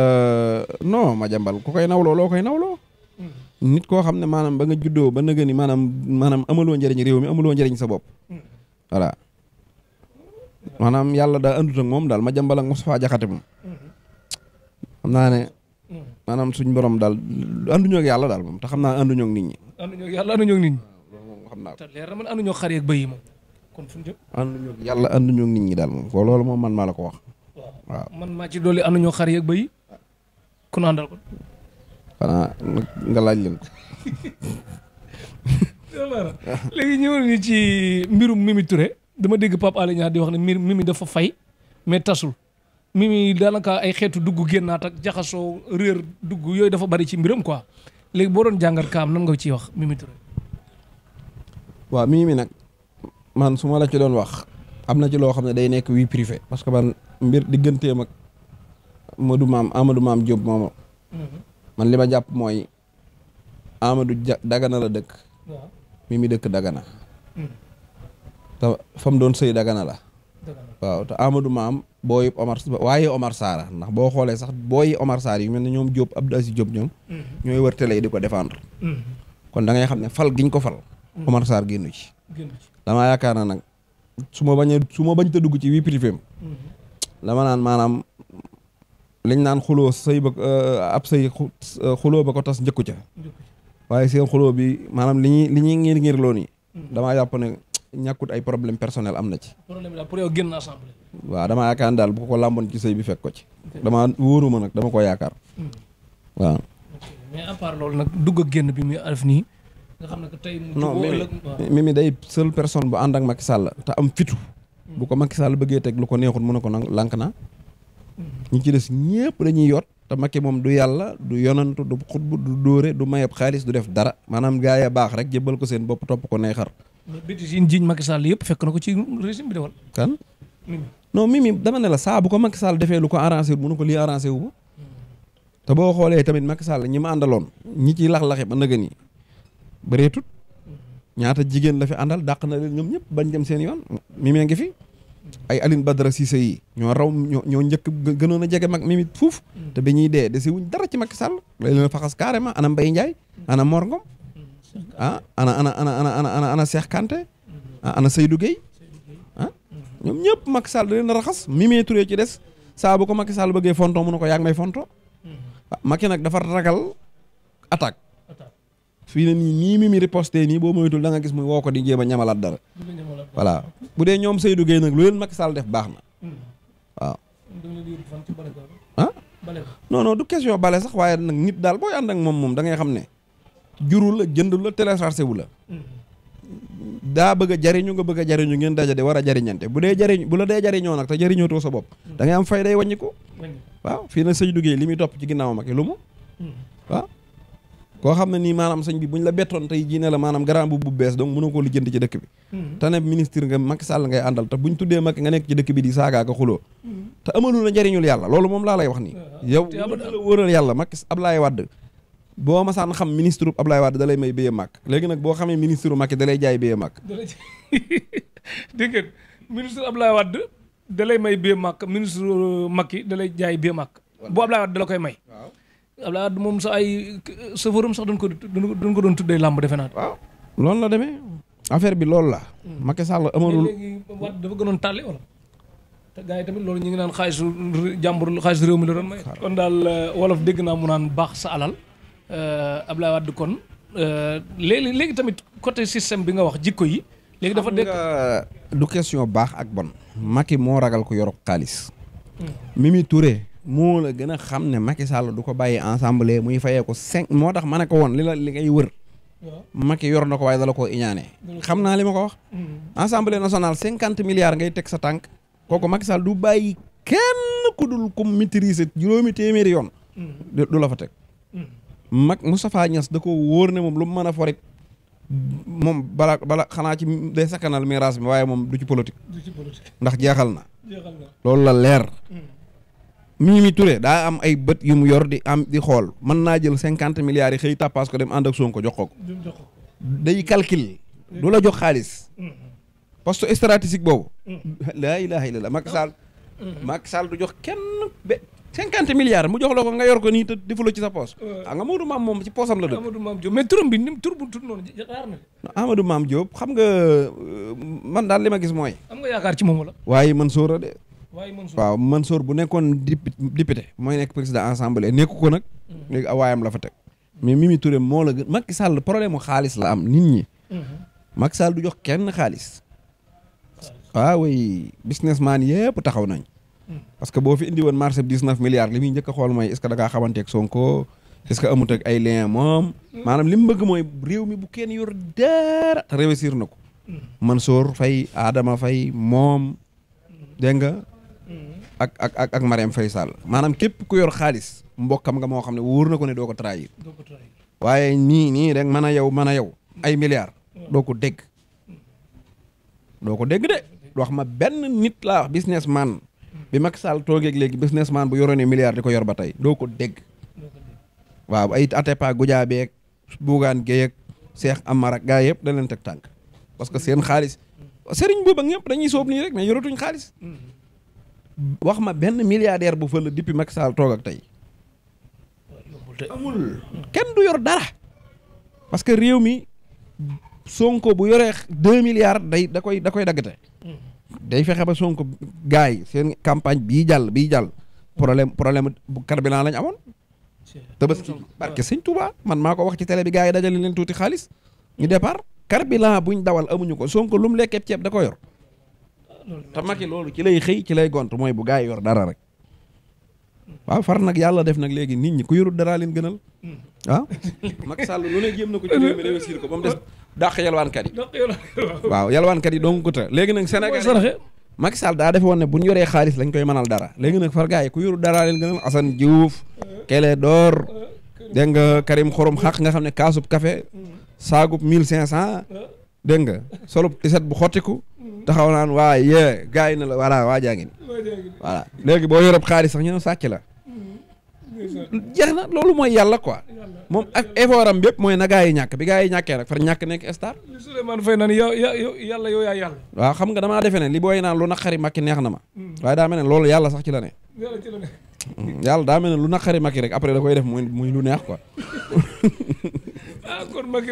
non Madiambal ku koy nawloo loo koy nawloo. nit koo xam ne maanaam ba nga juddoo ba nëgë ni maanaam maanaam amaloo njëriñ réew mi amaloo njëriñ sa bopp hmm. voilà maanaam yàlla daa andut ak moom daal ma jàmbal ak hmm. naa ne hmm. maanaam suñ borom daal anduñoo yàlla daal moom te xam naa anduñoo ak nit ñi anduñoo ak yàlla anduñoo nit ñi xam naa man anduñoo daal moom ko loolu moom man maa la ko wax waaw man maa ci dolli xanaa nga laaj leen ko. (laughs) léegi ñëwal ci mbirum Mimi Touré dama dégg Pape Alé Niang di wax na mbir Mimi dafa fay mais tasul Mimi daanaka ay xeetu dugg génnaat ak jaxasoo réer dugg yooyu dafa bari ci mbiram quoi léegi boo doon jàngat kaam nan nga ciy wax Mimi Touré. waaw Mimi nag man su ma la ci doon wax am na ci loo xam ne day nekk vie privée parce que man mbir digganteem ak Amadou Maam Amadou Maam Diop moomu. Mhm. man li ma jàpp mooy Amadou Dagana la dëkk. mi mi dëkk Dagana. Hmm. te fa doon sëy Dagana la. waaw te Amadou maam booy Omar waaye Omar Sarr ndax boo xoolee sax booy Omar Sarr yu mel ne ñoom Diop Abdou Aziz Diop ñoom. Hmm. ñooy wër télé di ko défendre. Hmm. kon da xam ne fal giñ ko fal. Omar Sarr génnu ci. damaa yaakaar na nag su ma bañ su bañ dugg ci vie privée am. naan maanaam liñ naan xuloo sëy ba euh, ab sëy euh, xuloo ba ko tas njëkku ca waaye seen xuloo bi maanaam li ñuy li ñuy ngir ngir loo nii hmm. damaa yàpp ne ñàkkut ay problème personnel am na ci waaw damaa yaakaar ne daal bu ko làmboon ci sëy bi fekk ko ci damaa wóoruma nag dama ko yaakaar hmm. waaw mais à part loolu nag génn bi muy alf nii nga xam ne que tey non mi mi day seule personne bu ànd ak Macky te am fitu hmm. bu ko Macky Sall bëggee teg lu ko neexut mu ne ko nag lànk na ñi ci des ñëpp dañuy yot te Macky moom du yàlla du yonantu du xutbu du dóore du mayab xaalis du def dara maanaam gaa ya baax rek jébbal ko seen bopp topp ko nay xar. mais bétis yëpp fekk na ko ci régime bi dama ne la saa bu ko Macky Sall defee lu ko arrangé wu mënu ko lii arrangé te boo xoolee tamit Macky la ñi ma àndaloon ñi ci lax-laxi ba nëgën yi bareetut ñaata jigéen la fi àndal daq na leen ñoom ñëpp bañ dem seen yoon Mimi ngi fi ay Alioune Badara Cissé yi ñoo raw ñoo ñoo njëkk gënoon a jege mag Mimi fuuf mm. te bi ñuy dee dese wuñ dara ci Macky Sall lay leen faxas carrément ana Mbaye Ndiaye mm. ana Mor Ngom mm. ah ana ana ana ana ana ana ana Cheikh Kanté ah ana Seydou ah, ñoom ñëpp Macky Sall da leen a raxas Mimi Touré ci des saa bu ko Macky Sall ba fonto mu ne ko yaa ngi may fonto ah, Macky nag dafa ragal attaque fii ne nii nii mi mi riposté nii boo moytul da nga gis muy woo ko di jéem ñamalaat dara voilà bu dee ñoom Seydou Gueye nag lu leen Macky Sall def baax na waaw ah non non du question bale sax waaye nag nit daal booy ànd ak moom moom da xam ne jurul la jëndul la téléchargé wu la daa bëgg a jariñu nga bëgg a jariñu ngeen daja de war a jariñante bu dee jariñ bu la dee jariñoo nag te jariñootoo sa bopp da ngay am fay day wàññi ko waaw fii nag Seydou Gueye li muy topp ci ginnaawam ak lu mu hmm. waaw koo xam ne nii maanaam sëñ bi buñ la bettoon tey jii la maanaam grand bu bu bees donc mënoo koo lijjanti ci dëkk bi hmm. te ne ministre nga Macky Sall ngay àndal te buñ tuddee Macky nga nekk ci dëkk bi di saagaaka xuloo hmm. te amalu la njariñul yàlla loolu moom laa lay wax nii ah, ah. yow la wóoral yàlla Macky laay wadd boo masaan xam ministre bu Ablaye Wade da lay may béye màkk léegi nag boo xamee ministre bu Macky da lay jaay béye màkk (laughs) dégg ngeen ministre Ablaye Wade da lay may béye màkk ministre Macky da lay jaay béye màkk bu da la koy may Abdoulaye Wade moom sa ay sëfëram sax dañ ko dañ ko doon tuddee làmb defe naa. waaw loolu la demee affaire bi loolu la. Hmm. Macky Sall amalul dafa gënoon tàlli wala. te gars yi loolu ñu ngi naan xaalisu jàmbur xaalisu réew mi la doon may. kon daal euh, wolof dégg naa mu baax sa alal euh, Abdoulaye Wade kon euh, léegi léegi tamit côté système bi nga wax jikko yi. léegi dafa dégg du question baax ak bon. Macky moo ragal ko yorop xaalis. Hmm. Mimi Touré. moo la gën a xam ne Macky Sall du ko bàyyi ensemble muy fayee ko cinq moo tax ma ne ko woon li la li ngay wër. Macky yor na ko waaye dala ko iñaane xam naa li ma ko wax. assemblée mm-hmm. nationale cinquante milliards ngay teg sa tànk. kooku Macky Sall du bàyyi kenn ku dul ku maîtriser juróomi téeméeri yoon. Mm-hmm. du la fa teg. Mm-hmm. mag Moustapha Niass da ko wóor ne moom lu mu mën a forit moom bala bala xanaa ci day sakkanal miraas mi waaye moom du ci politique. ndax jeexal na. jeexal na loolu la leer. Mimi Touré daa am ay bët yu mu yor di am di xool man naa jël cinquante milliards xëy tappaas ko dem ànd ak Sonko jox ko ko day calcul du la jox xaalis poste stratégique boobu mm-hmm. laa ilaha illallah Macky Sall mm-hmm. Macky Sall du jox kenn be cinquante milliards mu jox la ko nga yor ko nii te defuloo ci sa poos ah nga Amadou Mame moom ci poosam la dëkk Amadou Mame Diop bi ni tur bu tur noonu yaakaar na Amadou xam nga euh, man daal li ma gis mooy am nga yaakaar ci moom la waaye man sóora de waaw Mansour bu nekkoon député mooy nekk président assemblée nekku ko nag mm-hmm. léegi awaayam la fa teg mais Mimi Touré moo la gën Macky Sall mu xaalis la am nit ñi mm-hmm. Macky Sall du jox kenn xaalis waaw way businessman yëpp taxaw nañ mm-hmm. parce que boo fi indi marché bi dix-neuf milliards muy njëkk xool mooy est ce que da ngaa xamante que amut ak ay lien moom maanaam li mu bëgg mooy réew mi bu kenn yor dara réussir na ko Mansour fay aadama fay moom dégg nga ak ak ak ak Marième maanaam képp ku yor xaalis mbokkam nga moo xam ne wóor na ko ne doo ko trahir waaye nii nii rek man a yow man a yow ay milliards mm. doo ko dégg doo ko dégg de wax ma benn nit laa wax business man mm. bi Macky Sall toogeeg léegi business man bu yoroon milliards di ko yor ba tey doo ko dégg waaw ay Atepa Goudiaby ak Bougane Gueye ak Cheikh Amar gaa yëpp da leen teg tànk parce que seen xaalis mm. sëriñ boobu ak ñëpp dañuy soob nii rek mais yoratuñ xaalis wax ma benn milliardaire bu fël depuis Macky Sall toog ak tey. amul kenn du yor dara. parce que réew mi Sonko bu yoree deux milliards day da koy da koy daggate. day fexe ba Sonko gars yi seen campagne bii jàll bii jàll problème problème bu carburant lañ amoon. tabaski barke sëñ Touba man maa ko wax ci télé bi gars yi dajale leen tuuti xaalis. ñu départ carburant buñ dawal amuñu ko Sonko lu mu lekkee ceeb da ko yor. te Macky loolu ci lay xëy ci lay gont mooy bu gaa yi yor dara rek waaw far nag yàlla def nag léegi nit ñi ku yorul dara leen gënal hmm. ah (laughs) Macky Sall lu ne jéem na ko ci réew mi yi (laughs) waaw yalwaankat léegi nag Sénégal Macky Sall daa def woon ne bu ñu yoree xaalis lañ koy mënal dara léegi nag far gaa yi ku yorul dara leen gënal Assane Diouf eh, Kélé door eh, dégg nga Karim Xorom xaq nga xam ne kaasub kafe hmm. saagub mille cinq cent eh. dégg nga solub tiset bu xottiku taxaw naan waa yee gaa yi na la voilà waa jaa ngi léegi boo yoreb xaalis sax ñu ne sàcc la mm-hmm. jeex na loolu mooy yàlla ko moom ak effort am bépp mooy na gaa yi ñàkk bi gaa yi ñàkkee nag far ñàkk nekk star Souleymane Faye nan yow yow yàlla yow yaa yàlla waaw xam nga damaa defee ne li booy naan lu naqari makki neex na ma mm. waaye daa mel loolu yàlla sax ci la ne mm, daa mel ne lu naqari makki rek après da koy def muy muy lu neex ko (laughs) ah kon makki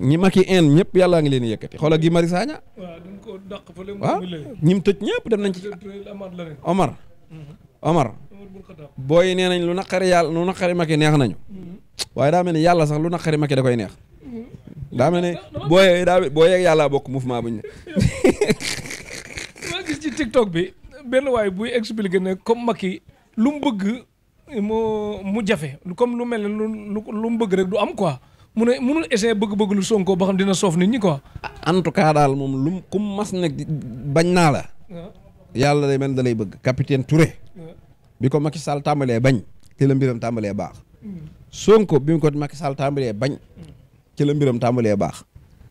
ñi maki inde ñëpp yàllaa ngi leen di yëkkati xoolal gi Mari Sagna. waaw ah, ñi mu tëj ñëpp dem nañ ci. Mm-hmm. Omar. Omar. booy nee nañ lu naqari yàlla lu naqari maki neex nañu. Mm-hmm. waaye daa mel ni yàlla sax lu naqari maki da koy neex. Mm-hmm. daa mel ne booy daa booy yeeg yàllaa bokk mouvement buñ ne. (laughs) maa gis ci TikTok bi benn waay buy expliquer ne comme maki lu mu bëgg mu mu jafe comme lu mel ne lu mu bëgg rek du am quoi. mu ne mënul essayer bëgg-bëgg lu Sonko ba xam dina soof nit ñi quoi. en tout cas daal moom lu ku mas ne bañ naa la. yàlla day mel da lay bëgg capitaine Touré. bi ko Macky Sall tàmbalee bañ. ci la mbiram tàmbalee baax. Mm. Sonko bi mu ko Macky Sall bañ. ci la mbiram tàmbalee baax.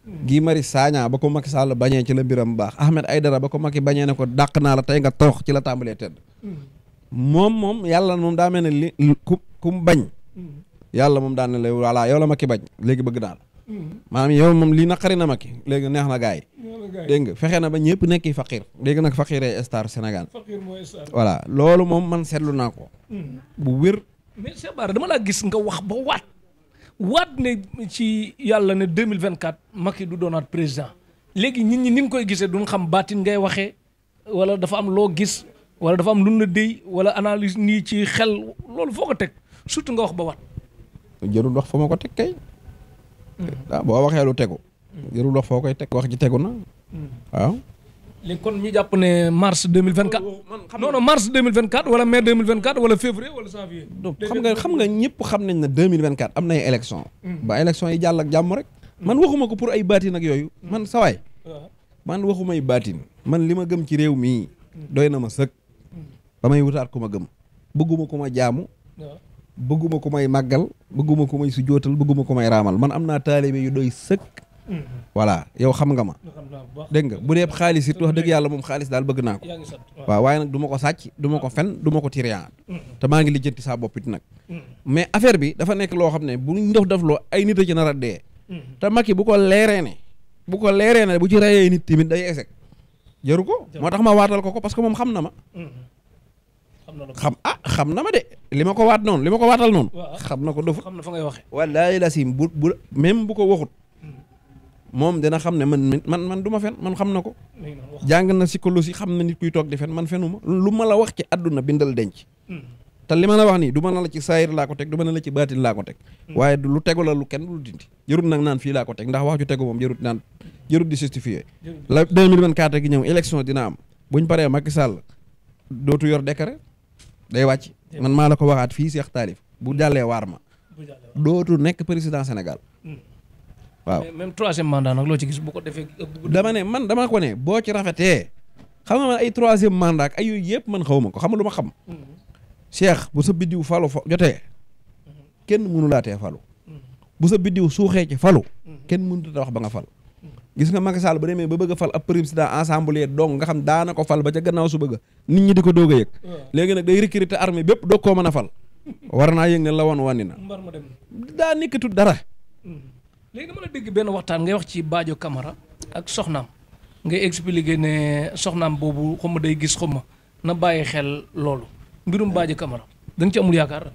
Mm. Guy Marius Sagna ba ko Macky Sall bañee ci la mbiram baax Ahmed Aïdara ba ko Macky bañee ne ko dàq naa la tey nga toox ci la tàmbalee tedd. Mm. moom moom yàlla moom daa mel ne li bañ. yàlla moom daan na la voilà yow la Macky bañ léegi bëgg naa la maanaam mm-hmm. yow moom lii naqari na Macky léegi neex na gars yi dégg nga fexe na ba ñëpp nekk faqir léegi nag faqir ay star Sénégal voilà loolu moom man seetlu naa ko mm-hmm. bu wér mais dama laa gis nga wax ba waat waat ne ci yàlla ne 2024 Macky du doonaat président léegi nit ñi ni nga koy gisee duñ xam baatin ngay waxee wala dafa am loo gis wala dafa am lu na déy wala analyse nii ci xel loolu foo teg surtout nga wax ba jërul wax fa ma ko teg kay. Mm. Ah, boo waxee lu tegu. Mm. jërul wax foo koy teg wax ji tegu na. Mm. waaw. léegi kon ñu jàpp ne mars deux mille vingt quatre. Oh, non non mars deux mille vingt quatre wala mai deux mille vingt quatre wala février wala xam nga xam xam ne deux am na ay élection ba élection yi jàll ak jàmm rek. man waxuma ko pour ay baatin ak yooyu. man sawaay ah. man waxumay baatin. man li ma gëm ci réew mii. doy na ma sëkk. damay wutaat ku ma gëm. bëgguma ku ma jaamu. Ah. bëgguma ku may màggal bëgguma ku may su jootal bëgguma ku may raamal man am naa taalibe yu doy sëkk mhm. voilà yow xam nga ma dégg nga bu dee xaalis it wax dëgg yàlla moom xaalis daal bëgg naa ko waaw waaye nag du ma ko sàcc du ma ko fen du ma ko tiriyan mhm. te maa ngi mhm. bi dafa ne bu loo ay nit a ci nar a dee te Macky bu ko leeree ne bu ko leeree ne bu ci rayee nit tamit day échec jaru ko moo tax ma waatal ko ko parce moom xam na ma xam ah xam na ma de li ma ko waat noonu li ma ko waatal noonu. xam na ko dofu xam na fa ngay waxe wallaahi la sim bu bu même bu ko waxut. Hmm. moom dana xam ne man man man du ma fen man xam na ko. jàng na psychologie xam na nit kuy toog di fen man fenuma lu ma la wax ci àdduna bindal denc. Hmm. te li ma la wax nii du ma la ci saayir laa ko teg du ma la ci baatin laa ko teg. Hmm. waaye lu tegu la lu kenn lu dindi. jarut nag naan fii laa ko teg ndax wax ju tegu moom jarut naan jarut di justifier. la 2024 gi ñëw élection dina am buñ paree Macky Sall dootu yor décret. day wàcc man maa la ko waxaat fii Cheikh Talif bu jàllee waar ma dootu nekk président Sénégal hmm. waaw troisième mandat nag loo ci gis bu ko defee dama ne man dama ko ne boo ci rafetee xam nga man ay troisième mandat ak ay yooyu yëpp man xaw ma ko xam nga lu ma xam hmm. Cheikh bu sa biddiw falu fa jotee hmm. kenn mënu laatee falu bu sa biddiw suuxee ci falu kenn mënut a wax ba nga fal gis nga Macky Sall ba demee ba bëgg a fal ab président assemblée donc nga xam daana ko fal ba ca gannaaw su bëgg nit ñi di ko doog a yëg léegi nag day recruter armée bépp doog koo mën a fal (laughs) war naa yëg ne la woon wànni na mbar ma dem daa nekkatu dara mm-hmm. léegi dama la dégg benn waxtaan ngay wax ci baajo kamara ak soxnaam ngay expliquer ne soxnaam boobu xaw ma day gis xaw na bàyyi xel loolu mbirum baajo kamara da nga ci amul yaakaar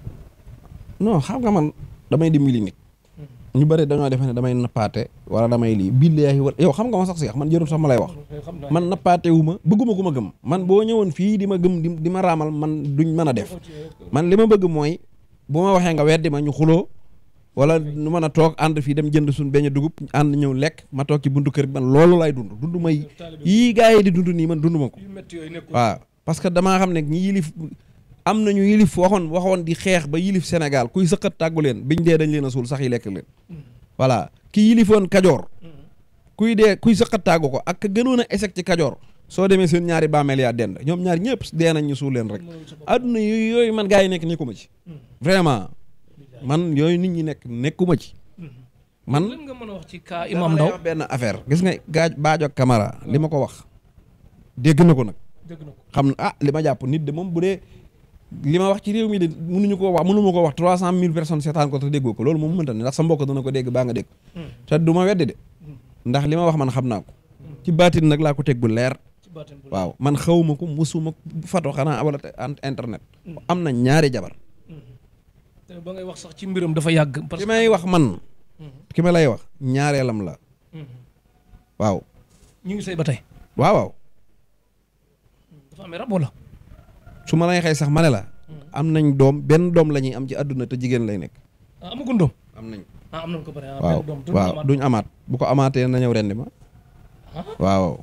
non xam nga man damay dimbali nit ñu bëri dañoo defe ne damay nappaate wala damay lii billaahi wa yow xam nga ma sax seex man jërul sax ma lay wax man nappaate wu ma bëgguma ku ma gëm man boo ñëwoon fii di ma gëm di ma raamal man duñ mën a def man li ma bëgg mooy bu ma waxee nga weddi ma ñu xuloo wala nu man a toog ànd fii dem jënd suñ beñ dugub ànd ñëw lekk ma toog ci buntu kër man loolu lay dund dund may yii gars yi di dund nii man dund ma ko waaw parce damaa xam ne am nañu yilif waxoon waxoon di xeex ba yilif Sénégal kuy sëqat tàggu leen bi biñ dee dañ leen a suul sax yi lekk leen voilà ki yilifoon Kajoor kuy dee kuy sëqat tàggu ko ak gënoon a échec ci Kajoor soo demee seen ñaari bàmmeel yaa dend ñoom ñaar ñëpp dee nañ ñu suul leen rek adduna yooyu yooyu man gaa yi nekk nekkuma ci hmm. vraiment man yooyu nit ñi nekk nekkuma ci hmm. man lan nga mën a wax ci cas Imam Ndao benn affaire gis nga gaaj Badio Camara li ma ko wax dégg na ko nag dégg na xam na ah li ma jàpp nit de moom bu dee li ma wax ci réew mi de mënuñu ko wax mënuma ko wax trois cent mille personnes seetaan ko te déggoo ko loolu moom mënta ne ndax sa mbokk dana ko dégg baa nga dégg hmm. te du ma wedde de ndax li ma wax man xam naa ko hmm. ci baatin nag laa ko teg bu leer waaw man xawuma ko musuma fato xanaa wala internet hmm. am na ñaari jabar ba ngay wax sax ci mbiram dafa yàgg parce que ki may wax man ki ma lay wax ñaaree lam la waaw ñu ngi sëy ba tey waaw waaw su ma lay xëy sax ma ne la. am nañ doom benn doom la ñuy am ci àdduna te jigéen lay nekk. ah amaguñ am nañ ah am ko pare ah, waaw waaw duñ amaat bu ko amaatee na ñëw rendi ma. Ah? waaw.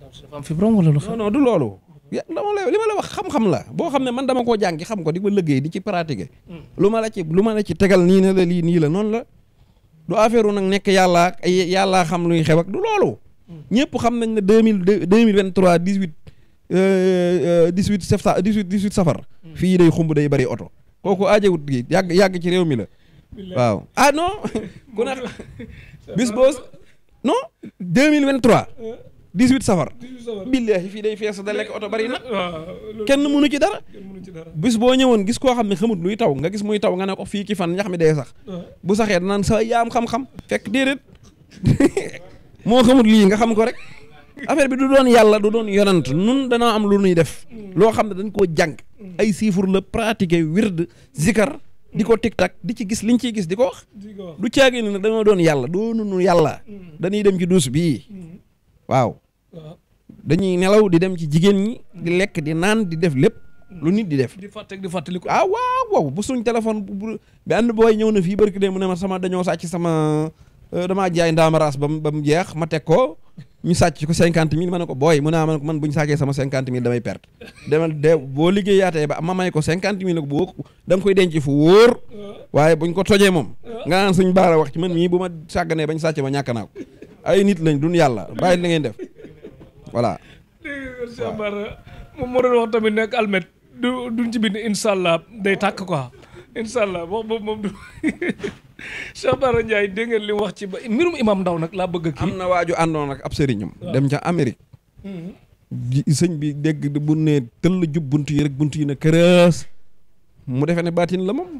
dafa am fibrome wala lu fa. non non du loolu. li ma la wax xam-xam la boo xam ne man dama koo jàngi xam ko di ma liggéey di ci pratiquer. Hmm. lu ma la ci lu ma la ci tegal nii ne la lii nii la noon la. du affaire nag nekk yàlla ay yàllaa xam luy xew ak du loolu. Hmm. ñëpp xam nañ ne deux mille deux mille vingt trois dix huit Euh, euh, dix-huit sef sa dix-huit dix-huit safar hmm. fii day xumb day bari oto kooku aajewut gi yàgg yàgg ci réew mi la waaw ah non (laughs) ku bis boos non deux mille vingt-trois euh. dix-huit safar billaahi fii day fees da lekk oto bari na kenn mënu ci dara bis boo ñëwoon gis koo xam ne xamut luy taw nga gis muy taw nga ne ko fii ci fan ñax mi day sax bu saxee naan sa yaam xam-xam fekk déedéet (laughs) moo xamut lii nga xam ko rek affaire bi du doon yàlla du doon yonant nun danaa am lu nuy def mm. loo xam ne dañ koo jàng mm. ay siifur la pratiquer wird zikar mm. di ko tiktak di ci gis liñ ciy gis di ko wax du caagi ni dañoo doon yàlla doonunu yàlla dañuy dem ci duus bii waaw dañuy nelaw di dem ci jigéen ñi di lekk di naan di def lépp lu nit di def. di fàtte di fàttali ko. ah waaw waaw bu suñ téléphone bu benn booy ñëw na fii barki de mu ne ma sama dañoo sàcc sama euh, damaa jaay ndaamaraas ba mu ba mu jeex ma teg ko ñu sàcc ko cinquante mille ma ne ko booy mu a ma ne ko man bu ñu sàccee sama cinquante mille damay perte demal de boo liggéeyaatee ba ma may ko cinquante mille nag bu da nga koy denc fu wóor waaye buñ ko tojee moom nga naan suñ baara wax ci man mii bu ma sàgganee bañ sàccee ma ñàkk naa ko ay nit lañ duñ yàlla bàyyi la ngeen def voilà moom moo doon wax tamit nekk almet du duñ ci bind incha allah day tàkk ko incha allah wax boobu moom du (laughs) Cheikh Bara Ndiaye dégg ngeen li mu wax ci ba mbirum imam ndaw nag laa bëgg kii am na waaju àndoon ak ab sëriñam dem ca Amérique mhm. sëñ bi dégg bu ne tëll jub bunt yi rek bunt yi ne kërës mu defee ne baatin la moom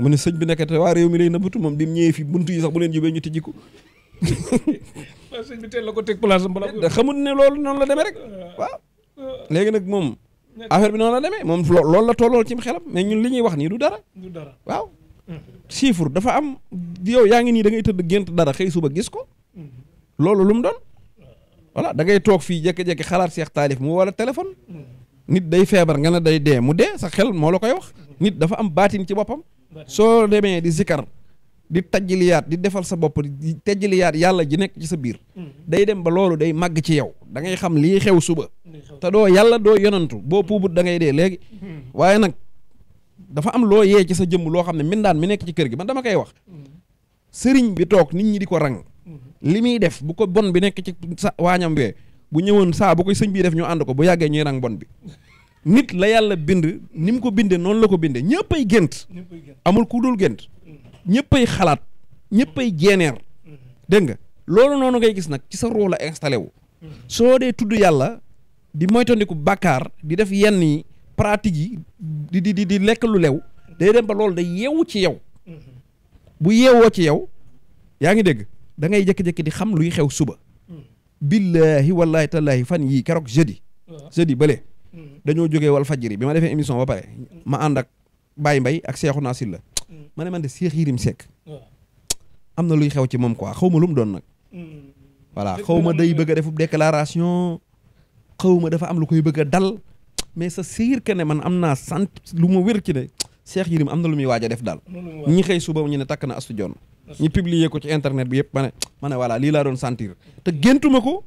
mu ne sëñ bi nekkate waa réew mi lay nëbbatu moom bi mu ñëwee fi bunt yi sax bu leen jubee ñu tijji ko (laughs) sëñ bi teel la ko teg place am balaa xamut ne loolu noonu la demee rek waaw léegi nag moom affaire bi noonu la demee moom lool la tolloo ci xelam mais ñun li ñuy wax nii du dara. dara waaw. Mm-hmm. chiffre dafa am yow yaa ngi nii da ngay tëdd gént dara xëy suba gis ko. Mm-hmm. loolu lu mu doon. voilà da ngay toog fii jékki-jékki xalaat Cheikh Taalif mu wala téléphone. Mm-hmm. nit day feebar nga ne day dee mu dee sax xel moo la koy wax. nit dafa am baatin ci boppam. soo demee di zikar di tajjiliyaat di defal sa bopp di tajjiliyaat yàlla ji nekk ci sa biir. Mm-hmm. day dem ba loolu day màgg ci yow da ngay xam lii xew suba. te doo yàlla doo yonantu boo puubut dangay dee léegi. Mm-hmm. waaye nag dafa am loo yee ci sa jëmm loo xam ne mindaan mi nekk ci kër gi man dama koy wax. Mm-hmm. sëriñ bi toog nit ñi di ko rang. li muy def bu ko bon bi nekk ci sa waañam wee bu ñëwoon saa bu ko sëñ bii def ñu ànd ko bu yàggee ñuy rang bon bi. (laughs) nit la yàlla bind ni mu ko bindee noonu la ko bindee ñëpp ay gént. ku dul gént. ñëppay xalaat ñëppay jeeneer dégg nga loolu noonu ngay gis nag ci sa rôle la installé wu soo dee tudd yàlla di moytandiku bakkaar di def yenn yi pratique yi di di di lekk lu lew day dem ba loolu day yeewu ci yow bu yeewoo ci yow yaa ngi dégg dangay ngay jékki di xam luy xew suba billaahi wallaahi tallaahi fan yii keroog jeudi jeudi bële mm. dañoo jógee wal fajiri bi ma defee émission ba pare ma ànd ak Baye Mbaye ak Seexuna Silla ma ne man de Cheikh am na luy xew ci moom quoi xaw ma lu mu doon nag mm. voilà xaw ma day bëgg a defub déclaration xaw ma dafa am lu koy bëgg a dal mais sa siir que ne man am naa sant lu ma wér ci ne Cheikh Yérim na lu muy waaj def daal ñi xëy suba ñu ne takk na Astou Dione ñu publier ko ci internet bi yëpp ma ne ma ne voilà lii laa doon sentir te géntuma ko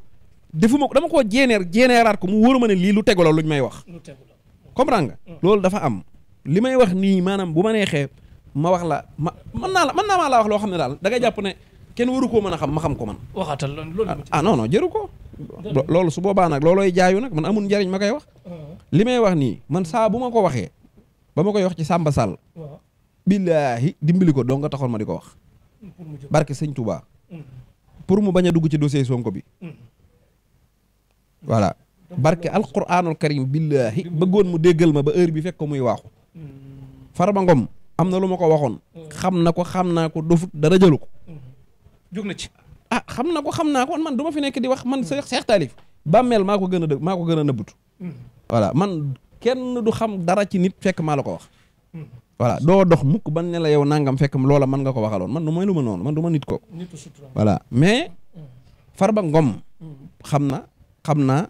defuma ko dama koo jeeneer jeeneeraat ko mu wóoru ma ne lii lu tegalo luñ may wax comprendre loolu dafa am li may wax nii maanaam bu ma neexee ma wax la ma man naa la man naa maa laa wax loo xam ne daal da ngay jàpp ne kenn waru koo mën a xam ma xam ko man. waxaatal loolu ah, ah non non ko. loolu su boobaa nag loolooy jaayu nag man amul njariñ ma koy wax. Ah. li may wax nii man saa bu ma ko waxee ba ma koy wax ci Samba Sall. billaahi dimbali ko dong nga taxoon ma di ko wax. barke sëñ Touba. Mm-hmm. pour mu bañ dugg ci dossier Sonko bi. Mm-hmm. voilà barke alquranul karim billaahi bëggoon mu déggal ma ba heure bi fekk ko muy waaxu. Mm-hmm. Farba Ngom. am na lu ma ko waxoon. xam na ko xam naa ko dofut dara jëlu ko. na ci. ah xam na ko xam naa ko man du ma fi nekk di wax man Seex Seex Taalif bàmmeel maa ko gën a dë maa ko gën a nëbbutu. voilà man kenn du xam dara ci nit fekk maa la ko wax. voilà doo dox mukk ban ne la yow nangam fekk loola mën nga ko waxaloon man du may lu ma noonu man nit ko. voilà mais. Farba Ngom. xam na xam naa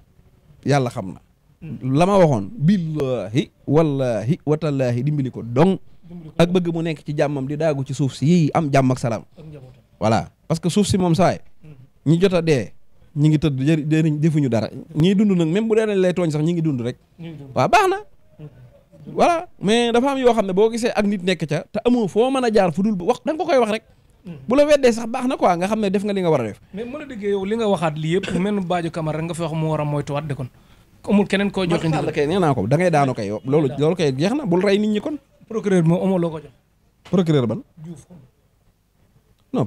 yàlla xam na. Mm. la ma waxoon. billahi wallahi watallaahi dimbali ko dong. ak bëgg mu nekk ci jàmmam di daagu ci suuf si yii am jàmm ak salaam voilà parce que suuf si moom saay mhm. ñi jot a dee ñi ngi tëdd jëriñ defuñu dara ñiy dund nag même bu dee dañ lay tooñ sax ñi ngi dund rek waaw baax na mhm. voilà mais dafa am yoo xam ne boo gisee ak nit nekk ca te amoo foo mën a jaar fu dul wax da koy wax rek mhm. bu la weddee sax baax na quoi nga xam ne def nga li nga war a def mais mën a a mooytuwaat de ko loolu kay jeex na bul rey nit ñi kon procureur moo amoo loo ko jox. procureur ban. Diouf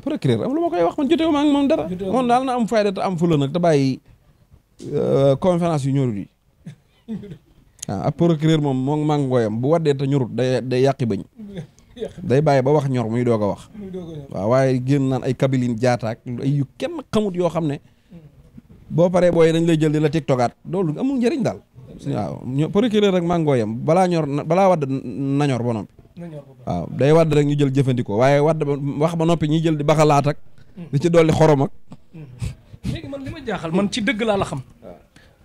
procureur am lu ma koy wax man joteewu ma ak moom dara. moom daal na am fayda te am fula te bàyyi euh, conférence yu ñorut yi. waaw (laughs) ab ah, procureur moom moom maa ngi ngooyam bu waddee te ñorut day day yàqi bañ. (laughs) bàyyi ba wax ñor muy doog a wax. waaw waaye génn naan ay kabilin jaataak ay yu kenn xamut yoo xam ne. Mm. boo paree booyee dañ lay jël di la tiktokaat loolu amul njëriñ daal. waaw ño procureur rek màngoo yam balaa ñor balaa wadd na ñor ba noppi waaw day wadd rek ñu jël jëfandikoo waaye wadd wax ba noppi ñuy jël di baxalaat ak mm-hmm. di ci dolli xorom ak mm-hmm. léegi ma jaaxal man ci dëgg laa la xam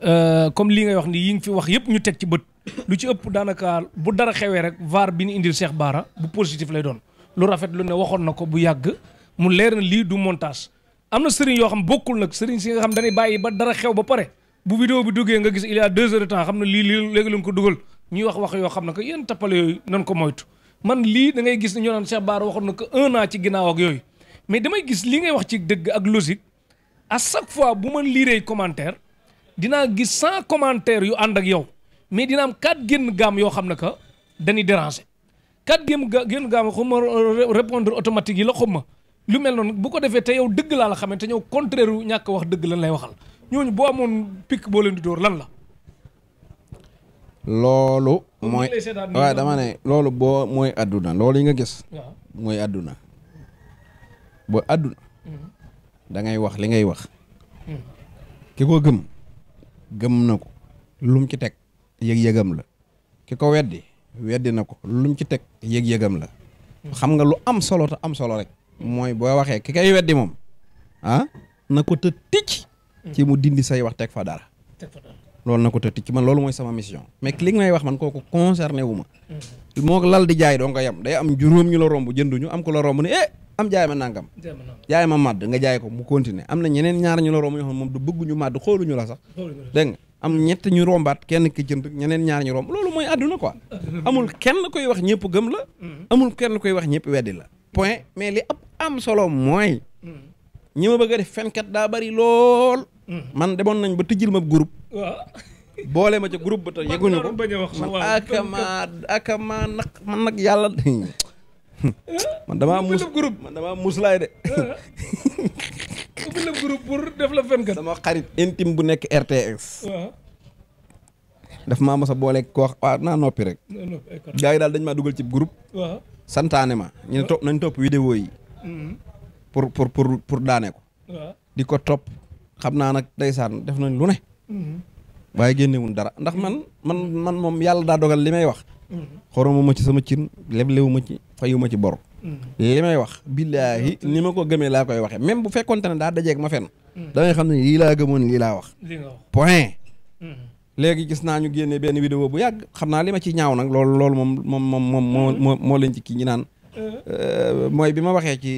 euh, comme li ngay wax ni yi nga fi wax yëpp ñu teg ci bët lu ci ëpp daanaka bu dara xewee rek var bi ñu indil Cheikh baara bu positif lay doon lu rafet lu ne waxoon na ko bu yàgg mu leer na lii du montage am na sëriñ yoo xam bokkul nag sëriñ si nga xam dañuy bàyyi ba dara xew ba pare bu vidéo bi duggee nga gis il y a deux heures de temps xam ne lii lii léegi lañ ko dugal ñuy wax wax yoo xam ne que yéen tappale yooyu nan ko moytu man lii da ngay gis ne ñoo naan Cheikh Bara waxoon na ko un an ci ginnaaw ak yooyu mais damay gis li ngay wax ci dëgg ak logique a chaque fois bu man lii liiree commentaire dinaa gis cent commentaires yu ànd ak yow mais dina am quatre génn gaam yoo xam ne que dañuy déranger quatre génn génn gaam xaw ma répondre automatique yi la xaw ma lu mel noonu bu ko defee te yow dëgg laa la xamante ñëw contraire yu ñàkk wax dëgg lan lay waxal ñooñu boo amoon pikk boo leen di dóor lan la. loolu. mooy waaw dama ne loolu boo mooy àdduna loolu yi nga gis. mooy àdduna. boo àdduna. Mm-hmm. da wax li ngay wax. Mm-hmm. ki ko gëm gëm na ko lum ci teg yëg-yëgam la ki ko weddi weddi na ko lum ci teg yëg-yëgam la. Mm-hmm. xam nga lu am solo te am solo rek. mooy boo waxee ki kay weddi moom ah na ko te ticc ci mu dindi say wax teg fa dara. loolu na ko tëtti ci man loolu mooy sama mission. mais li nga may wax man kooku concerné wu ma. Mhm. moo lal di jaay doo nga yem day am juróom ñu la romb jënduñu am ko la romb ne eh am jaay ma nangam. jaay ma màdd ko mu continuer am na ñeneen ñaar ñu la romb ñoo xam moom du bëgguñu màdd xooluñu la sax. dégg nga am ñett ñu rombaat kenn ki jënd ñeneen ñaar romb loolu mooy àdduna ko amul kenn koy wax ñëpp gëm la. Mhm. amul kenn koy wax ñëpp weddi la. point mais li ab am solo mooy. Mhm. ñi ma bëgg a def daa bari lool. Mm. man demoon nañ ba tëjjil ma groupe. waaw. boole ma ca group ba ta (laughs) yeguñu ko man akamaa akamaa nag man nag yàlla. (laughs) man damaa mus groupe man dama muslaay de. (laughs) ubbi pour def la xarit intime bu nekk RTS. waaw. daf maa mos a boole koo naa noppi rek. gaa yi daal dañ ma dugal ci group santaane ma ñu topp nañ topp vidéo yi. Mm-hmm. pour pour daane ko. di ko topp. xam naa nag day saan def nañ lu ne. Mm-hmm. waaye génnewun dara ndax man man man moom yàlla daa dogal li may wax. Mm-hmm. xoromu ma ci sama cin leblewu ma ci fayu ma ci bor. Mm-hmm. li may wax billaahi ni ma ko gëmee laa koy waxee même bu fekkonte ne daa dajeeg ma fen da xam na lii laa gëmoon lii laa wax. point. léegi gis naa ñu génne benn vidéo bu yàgg xam naa li ma ci ñaaw nag loolu loolu moom moom moom moo moo moo leen ci kii ñi naan. Euh. Euh, mooy bi ma waxee ci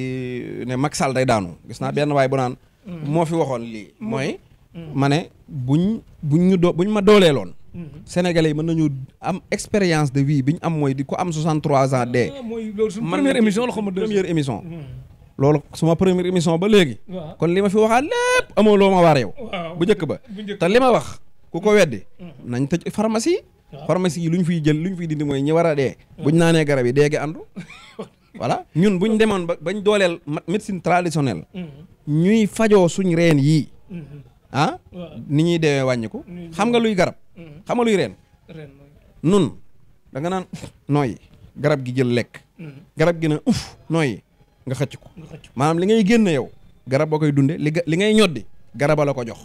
ne Macky Sall day daanu gis naa benn waay bu naan. Mm-hmm. moo fi waxoon lii mm-hmm. mooy mm-hmm. ma ne buñ buñ ñu doo buñ ma dooleeloon sénégalais yi mën nañu am expérience de vie bi ñu am mooy di ko am 63 ans dee ah, mooy loolu suñu première émission la xam nga première émission loolu suma première émission ba léegi kon li ma fi waxaat lépp amoo loo ma waar yow bu jëkk ba te li ma wax ku ko weddi nañ tëj pharmacie pharmacie yi lu ñu fiy jël lu ñu fiy dindi mooy ñi war a dee buñ naanee garab yi dee gi andu (laughs) voilà ñun bu ñu demoon ba bañ dooleel médecine traditionnelle. ñuy fajoo suñ reen yii. ah ni ñuy deewee wàññiku xam nga luy garab. Mm-hmm. xam nga luy reen. nun da nga naan nooyi garab gi jël lekk. Mm-hmm. garab gi na uf nga xëcc ko. maanaam li ngay génn yow garab boo koy dundee li li ngay ñoddi garaba la ko jox.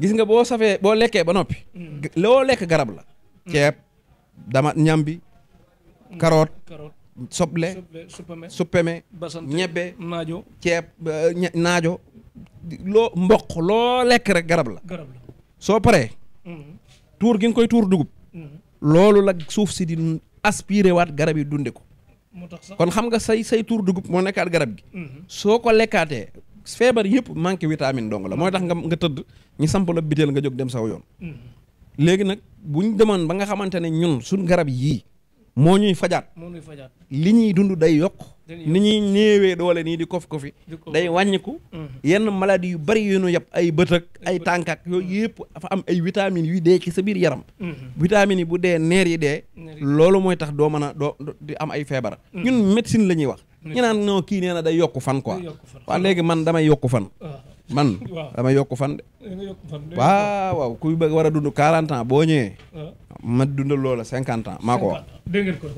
gis nga boo safee boo lekkee ba noppi. Mm-hmm. loo lekk garab la. ceeb dama ñambi karoot. soble suppeme ñebbe naajo ceeb euh, naajo loo mboq loo lekk rek garab la soo paree mhm. tuur gi nga koy tuur dugub mhm. loolu la suuf si di aspiré waat garab yi dunde ko kon xam nga say say tuur dugub moo nekkaat garab gi mhm. soo ko lekkaatee feebar yëpp manqué vitamine dong la mooy tax nga nga tëdd ñu samp la biteel nga jóg dem saw yoon léegi nag buñ demoon ba nga xamante ne ñun suñ garab yii moo ñuy fajaat li ñuy dund day yokk ni ñuy néewee doole nii di kof kofi day wàññiku mm-hmm. yenn maladie yu bari yu nu yab ay bët ay tànk ak yooyu mm-hmm. yëpp dafa am ay vitamines yuy dee ci sa biir yaram mm-hmm. vitamines bu dee neer yi dee loolu mooy tax doo mën a doo di am ay feebar ñun médecine la ñuy wax ñu naan non kii nee na day yokk fan quoi waaw léegi man damay yokk fan ah. man (laughs) damay yokku fan de waaw waaw kuy bëgg war a dund 40 boo ñëwee ah. ma dundal loola cinquante ans maa ko wax.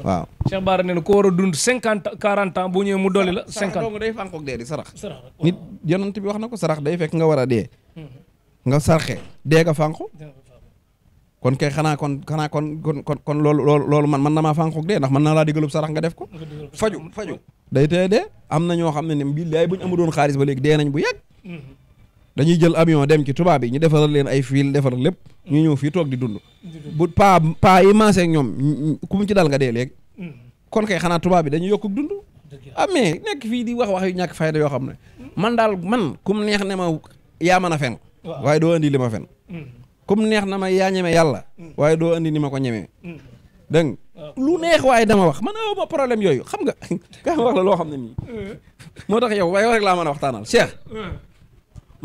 waaw. Cheikh Bara nee na ko war a dund cinquante quarante ans bu ñëwee mu dolli la. cinquante sarax day fànqoog dee di sarax. sarax nit yonent bi wax na ko sarax day fekk nga war a dee. Hmm. nga sarxe dee nga fànqu. xanaa kon xanaa kon kon kon loolu loolu loolu man man na maa fànqoog dee ndax mën naa laa digalub sarax nga def ko. faju faju day tee dee am na ñoo xam ne ne billaay bu ñu amu doon xaalis ba léegi dee nañ bu yàgg. Hmm. dañuy jël avion dem ci tubaab yi ñu defaral leen ay fiil defaral lépp ñu ñëw fii toog di dund bu paa paa yi maase ak ñoom ku ci dal nga dee léegi mm-hmm. kon kay xanaa tubaab yi dañuy yokk dund ah mais nekk fii di wax wax yu ñàkk fayda yoo xam ne man daal man kum neex ne ma yaa mën a fen waaye doo andi li ma fen mm-hmm. kum neex na ma yaa ñeme yàlla mm-hmm. waaye doo andi ni ma ko ñemee dégg lu neex waaye dama wax man aw ma problème yooyu xam nga kaa (laughs) wax la loo xam ne nii moo tax yow waaye rek a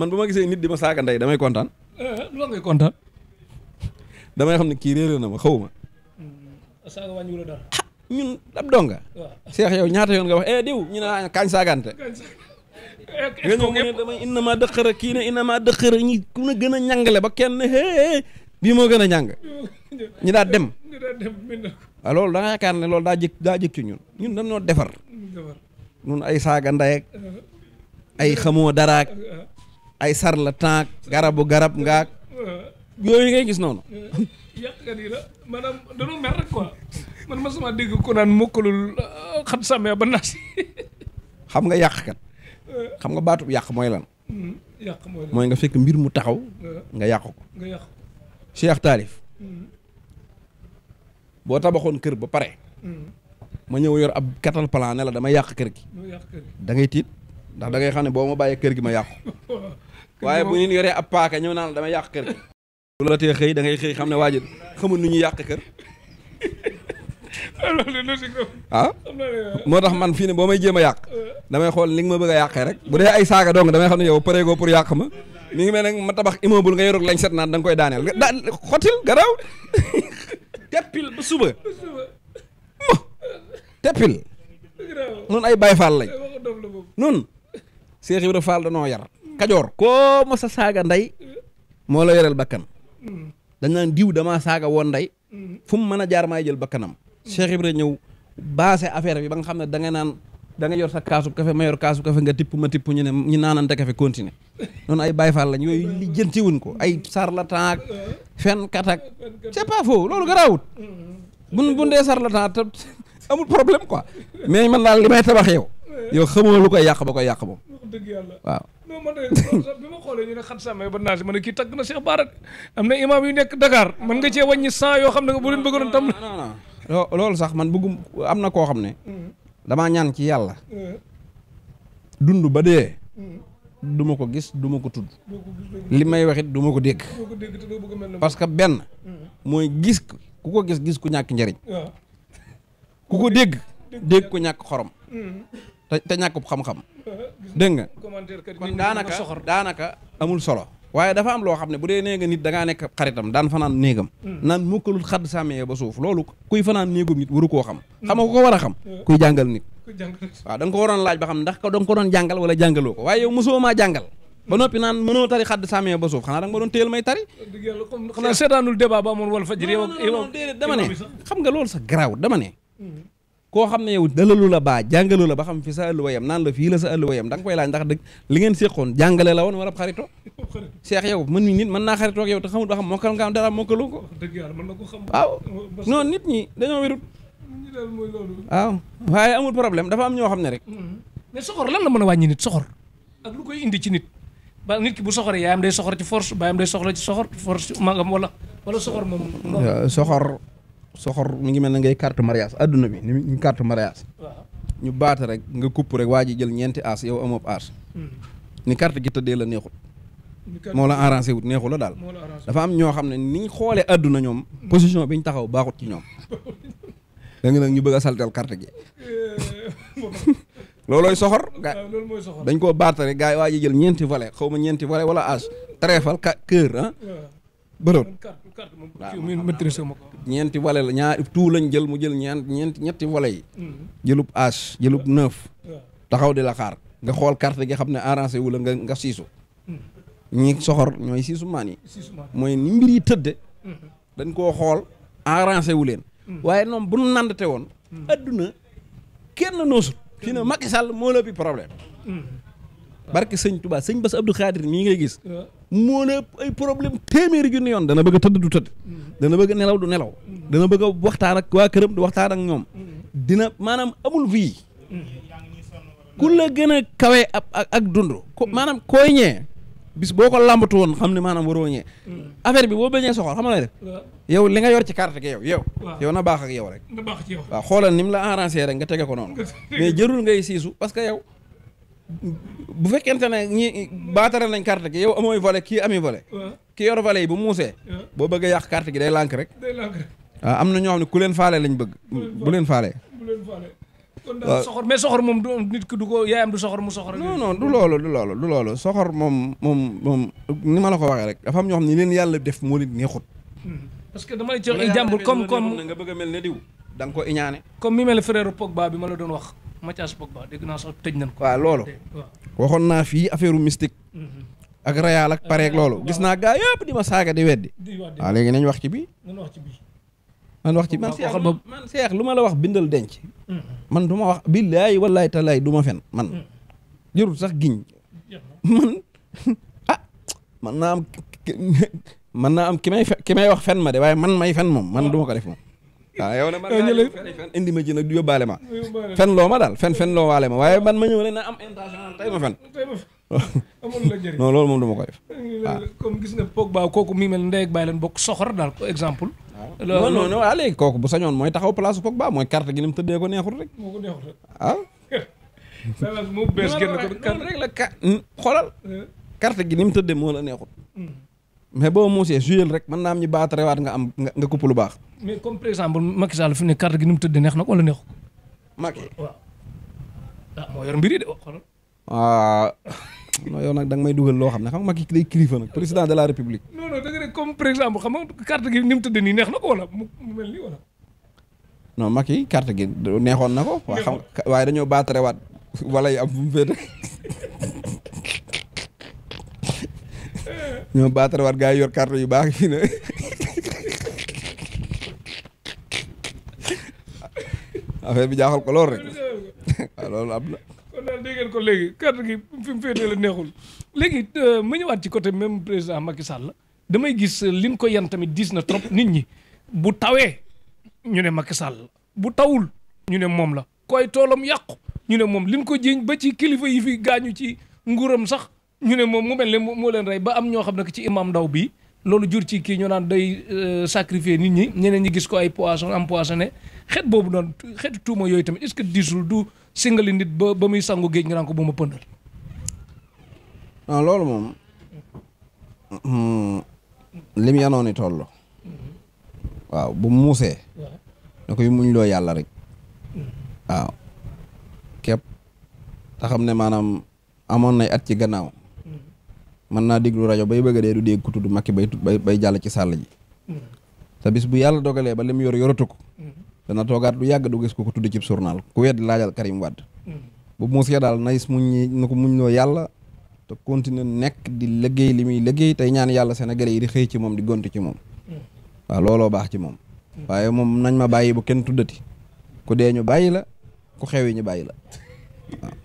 man bu ma gisee nit di ma saaga ndey damay kontaan. Eh, lu la ngay kontaan. damay xam ne kii na ma xaw ma. Hmm, saaga wàññi wala dara. ñun ab donga. waaw Cheikh yow ñaata yoon nga wax eh diw ñu ne ah kañ saagante. (laughs) nga ñëw kii ne innama dëxëra ñi ku ne gën a ñàngale ba kenn hee bii moo gën a ñàng (laughs) ñi daa dem waaw da nga ne loolu daa jëkk daa jëkk ci ñun ñun dañoo defar ñun ay saaga ndey eh. ay xamoo daraak eh. ay sar la tànk garabu garab ngaak yooyu ngay gis noonu (laughs) yàqkat man ma sama dégg ko naan mokkalul euh, xat ba naas xam nga yàqkat euh. xam nga baatub yàq mooy lan hmm, yàq nga fekk mbir mu taxaw euh. nga yàq ko hmm. tabaxoon kër ba pare hmm. ma ñëw yor ab katal plan la dama yàq kër gi da tiit ndax da ngay xam ne boo ma bàyyee kër gi ma yàqu (laughs) waaye bu ñu yoree ab paaka ñëw naan damay yàq kër lu la tee xëy da xëy xam ne waajur xamul nu ñuy yàq kër (laughs) ah? moo tax man fii ne boo may jéem a yàq damay xool li nga ma bëgg a yàqee rek bu dee ay saaga dong damay xam ne yow pareegoo pour yàq ma mi ngi mel ne ma tabax immeuble nga yorog lañ set naan da nga koy daaneel da xotil garaaw (laughs) teppil ba suba mo teppil nun ay Baay Faal lañ nun Seex Ibra Faal danoo yar kajoor koo mos a saaga ndey moo la yoreel bakkan dañ naan diw damaa saaga woon ndey fu mu mën a jaar maay jël bakkanam Cheikh Ibra ñëw baase affaire bi ba nga xam ne da nga naan da nga yor sa kaasub kafe ma yor kafe nga tipp ma tipp ñu ne ñu naanante kafe continuer noonu ay Baye Fall lañ yooyu li jëntiwuñ ko ay sarlatan ak fenkat ak c'est pas faux loolu garaawut bun bu ndee sarlatan te (laughs) amul problème quoi mais man daal li may tabax yow yow xamoo lu koy yàq ba koy yàq moom non man bi ma xoolee ñu ne xat sàmmee ba naa ma ne kii tagg na Cheikh Bara am na imaam yu nekk Dakar mën nga cee wàññi cent xam ne bu leen bëggoon tam loolu sax man bëggum am na koo xam ne damaa ñaan ci yàlla dund ba dee du ko gis duma ko tudd li may waxit duma ko dégg parce que benn mooy gis ku ko gis gis ku ñàkk njariñ ku ko dégg dégg ku ñàkk xorom mm. te te ñàkkub xam-xam dégg nga kon daanaka daanaka amul solo waaye dafa am loo xam ne bu dee nee nga nit da ngaa nekk xaritam daan fanaan néegam hmm. naan mukkalul xadd sàmmee ba suuf loolu kuy fanaan néegum nit waru koo xam xam nga ko war a xam hmm. kuy jàngal nit waaw da nga ko waroon laaj ba xam ndax ko da ko doon jàngal wala jàngaloo ko waaye yow mosoo maa jàngal ba noppi naan mënoo tari xadd sàmmee ba suuf xanaa da nga ma doon téyel may tari xanaa seetaanul débat ba amoon wal fajri yow dama ne xam nga loolu sax garaaw dama koo xam ne yow dalalu la baa jàngalu la ba xam fi sa àlluwayam naan la fii la sa àlluwayam da nga koy laaj ndax dëgg li ngeen séqoon jàngale la woon wala xarito seex yow mën ni nit mën naa xaritoog yow te xamul ba xam mokkal nga am dara mokkaloo ko waaw non nit ñi dañoo wérut waaw waaye amul problème dafa am ñoo xam ne rek mm-hmm. mais soxor lan la mën a wàññi nit soxor ak indi ci nit ba nit bu soxoree yaayam day soxor ci force baayam day soxor ci soxor force magam wala wala soxor moom soxor soxor mi ngi mel ne ngay carte mariage adduna bi ni ñu carte mariage ñu baata rek nga kupp rek waa ji jël ñeenti as yow amoo as hmm. ni carte gi tëddee la neexut moo la arrangé wut neexu la daal dafa am ñoo xam ne niñ xoolee àdduna ñoom position bi ñu taxaw baaxut ci ñoom da (laughs) nga ñu bëgg a saltal carte gi (laughs) loolooy soxor dañ koo baata rek gaa yi waa ji jël ñeenti volet xaw ma ñeenti volet wala as treefal ka kër ah. bëroon ñeenti wale la ñaari tout lañ jël mu jël ñeent ñeenti ñetti wale yi mm-hmm. jëlub âge jëlub neuf taxaw di la xaar nga xool kart gi xam ne arrangé wu la nga nga siisu mm-hmm. ñi soxor ñooy siisu maan yi mooy ni mbir yi tëdde mm-hmm. dañ koo xool arrangé wu leen waaye noonu bu ñu nandate woon adduna kenn noosul fi ne Macky Sall moo la bi problème barke sëñ Tuubaa sëñ Bass Abdou Khadir mii ngay gis moo la ay problème téeméeri junni yoon dana bëgg a tëdd du tëdd mm-hmm. dana bëgg a nelaw du nelaw mm-hmm. dana bëgg a waxtaan ak waa këram du waxtaan ak ñoom mm-hmm. dina maanaam amul fii ku la gën a kawe ab ak dund ko maanaam kooy ñee bis boo ko làmbatu woon xam ne maanaam waroo ñee affaire bi boo bañee soxor xam nga lay def yow li nga yor ci carte gi yow yow yow na baax ak yow rek waaw xoolal ni mu la arrangé rek nga tege ko noonu (laughs) mais jërul bu fekkente ne ñi baataral nañ carte gi yow amooy volet kii ami volet kii yor volet yi bu muusee boo bëggee a yàq carte gi day lànk rek ah, am na ñoo xam ne ku leen faale lañ bëgg bu leen faale kon daal soxor mais soxor moom du nit ki du ko yaayam du soxor mu soxor. non non du loolu du loolu du loolu soxor moom moom moom ni ma ko waxee rek dafa am ñoo xam leen yàlla def moo leen neexut. Hmm. parce que dama lay jox ay jàmbur comme comme nga bëgg a mel ne diw. da nga ko iñaane. comme mi mel frère Pogba bi ma la doon wax. Mathias Pogba dégg naa sax tëj nañ ko. waaw waxoon naa fii affaire mystique. Mhm. ak Real ak pareeg loolo gis naa gaa yëpp di ma saaga di weddi. waaw léegi nañ wax ci bi nañ wax man wax ci man seex man seex lu ma la wax bindal denc. Mhm. man du ma wax billaahi wallaahi talaay du ma fen man. Mhm. jërul sax giñ. man (laughs) ah man naa am naa am ki may fe ki may wax fen ma de waaye man may fen moom man du ma ko def moom. waaw ah, yow nag man eh, fen indi ma ci nag du yóbbaale ma. fen loo ma daal fen fen loo waale ma waaye man ma ñëw rek na am intention tey ma fen. amul la jëriñ (laughs) non loolu moom du ma ko def. Eh, ah. comme gis nga Pogba kooku mi mel ndey ak bàyyi leen bokk soxor daal ko exemple. waaw ah. non non waaw léegi kooku bu sañoon mooy taxaw place Pogba mooy carte gi ni mu tëddee ko neexut rek. moo ko neexut rek ah. (laughs) mu bees génn ko carte rek la carte xoolal. Eh. carte gi ni mu tëddee moo la neexut. Hmm. mais boo muusee suyel rek man naa am ñu baatare waat nga am nga kupp lu baax. mais comme par exemple Macky Sall fi mu ne carte gi ni mu tëdd neex na ko wala neexu. Macky ah, oh, ah. nag da may dugal loo xam ne xam nga Macky kilifa nag président de la république. non non da nga ne comme par exemple xam ni mu nii neex na ko wala mu mel nii wala. non Macky neexoon na ko. waaw xam nga waaye dañoo baatare waat wala yi am fu mu (laughs) ñoo baatar waat gaa yi yor carte yu baax fii na affaire bi jaaxal ko lool rek waaw ah, loolu am ko léegi carte gi fi mu féetee la neexul léegi euh, ma ñëwaat ci côté même président Macky Sall damay gis euh, liñ ko yan tamit diis na trop nit ñi bu tawee ñu ne Macky Sall bu tawul ñu ne moom la koy toolam yàqu ñu ne moom liñ ko jiiñ ba ci kilifa yi fi gaañu ci nguuram sax ñu ne moom mu mel ne moo leen rey ba am ñoo xam ne ci imam ndaw bi loolu jur ci kii ñoo naan day euh, sacrifier nit ñi ñeneen ñi gis ko ay poisson am poissonné xeet boobu doon xeetu tuuma yooyu tamit est-ce que diisul du singali nit ba ba muy sangu géej nga naan ko bu ma loolu moom hmm, lim yanoon i toll. waaw bu muusee. na ko yu muñ loo yàlla rek. waaw képp. te xam ne maanaam amoon nay at ci gannaaw. mën naa déglu rajo bay bëgg a dee du dégg ku tudd Macky bay bay bay jàll ci sàll ji te bis bu yàlla dogalee ba li mu yor yoratu ko dana toogaat du yàgg du gis ko ko tudd cib journal ku wedd laajal Karim Wade bu muusee daal nays muñ ñi na ko muñ loo yàlla te continuer nekk di liggéey li muy liggéey tey ñaan yàlla seen sénégalais yi di xëy ci moom di gont ci moom waaw looloo baax ci moom waaye moom nañ ma bàyyi bu kenn tuddati ku dee ñu bàyyi la ku xew ñu bàyyi la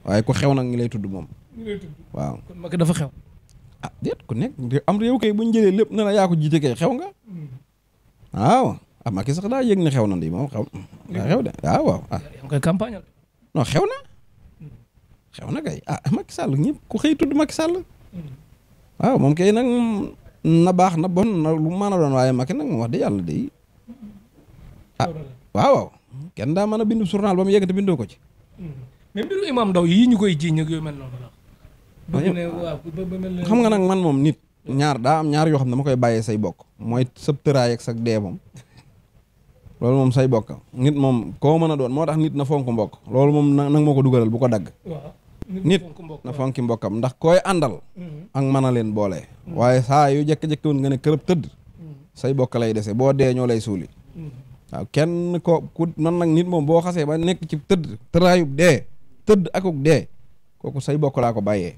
waaye ku xew nag ngi lay tudd moom waaw kon Macky ah déet ku nekk am réew kay bu ñu jëlee lépp ne la yaa ko jiite kay xew nga waaw ah Macky daa yëg ne xew na lii moom xew daa xew de waaw waaw ah. koy campagne non xew na xew na kay ah Macky Sall ñëpp ku Sall waaw moom kay nag na baax na bon na lu mën a doon waaye Macky nag moom wax dëgg ah, waaw waaw kenn daa a bindu journal ba mu yegg te bindoo ko ci. mais mbiru imam Ndao yii xam nga nag man moom nit ñaar daa am ñaar yoo xam ne dama koy bàyyee say bokk mooy sëb tëraay sag dee moom loolu moom say bokk nit moom koo mën a doon moo tax nit na fonk mbokk loolu moom nag moo ko dugalal bu ko dagg nit na fonki mbokkam ndax koy àndal mm-hmm. ak mën a leen boole waaye saa yu jekk-jekk nga ne kërëb tëdd mm-hmm. say bokk lay dese boo dee ñoo lay suuli mm-hmm. waaw kenn ko ku man nag nit moom boo xasee ba nekk ci tëdd tëraayub dee tëdd akuk dee kooku say bokk laa ko bàyyee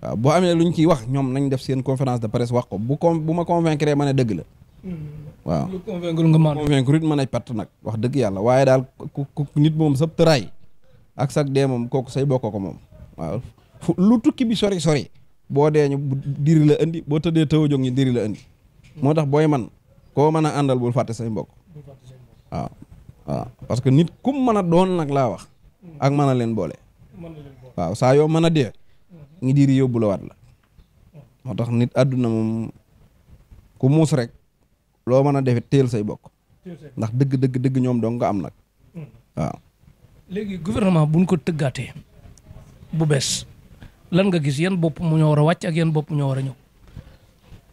waaw boo amee lu ñu ciy wax ñoom nañ def seen conférence de presse wax ko bu com bu ma convaincre ma ne dëgg la. waaw lu ma convaincre it ma ne patt nag wax dëgg yàlla waaye daal nit moom sab tëraay ak sag dee moom kooku say bokk ko moom waaw fu lu tukki bi sori sori boo dee ñu diri la andi boo tëddee taw jóg ñu diri la andi. moo tax booy man koo mën a àndal bul fàtte say mbokk. waaw parce que nit kum mën a doon nag laa wax. Hmm. ak mën a leen boole. waaw saa yoo mën a dee. ngi diir yóbbu la waat la moo tax nit àdduna moom ku muus rek loo mën a defit teel say bokk ndax dëgg dëgg dëgg ñoom dong nga am nag mm-hmm. waaw léegi gouvernement buñ ko tëggaatee bu bees lan nga gis yan bopp mu ñoo war a wàcc ak yan bopp mu ñoo war a ñëw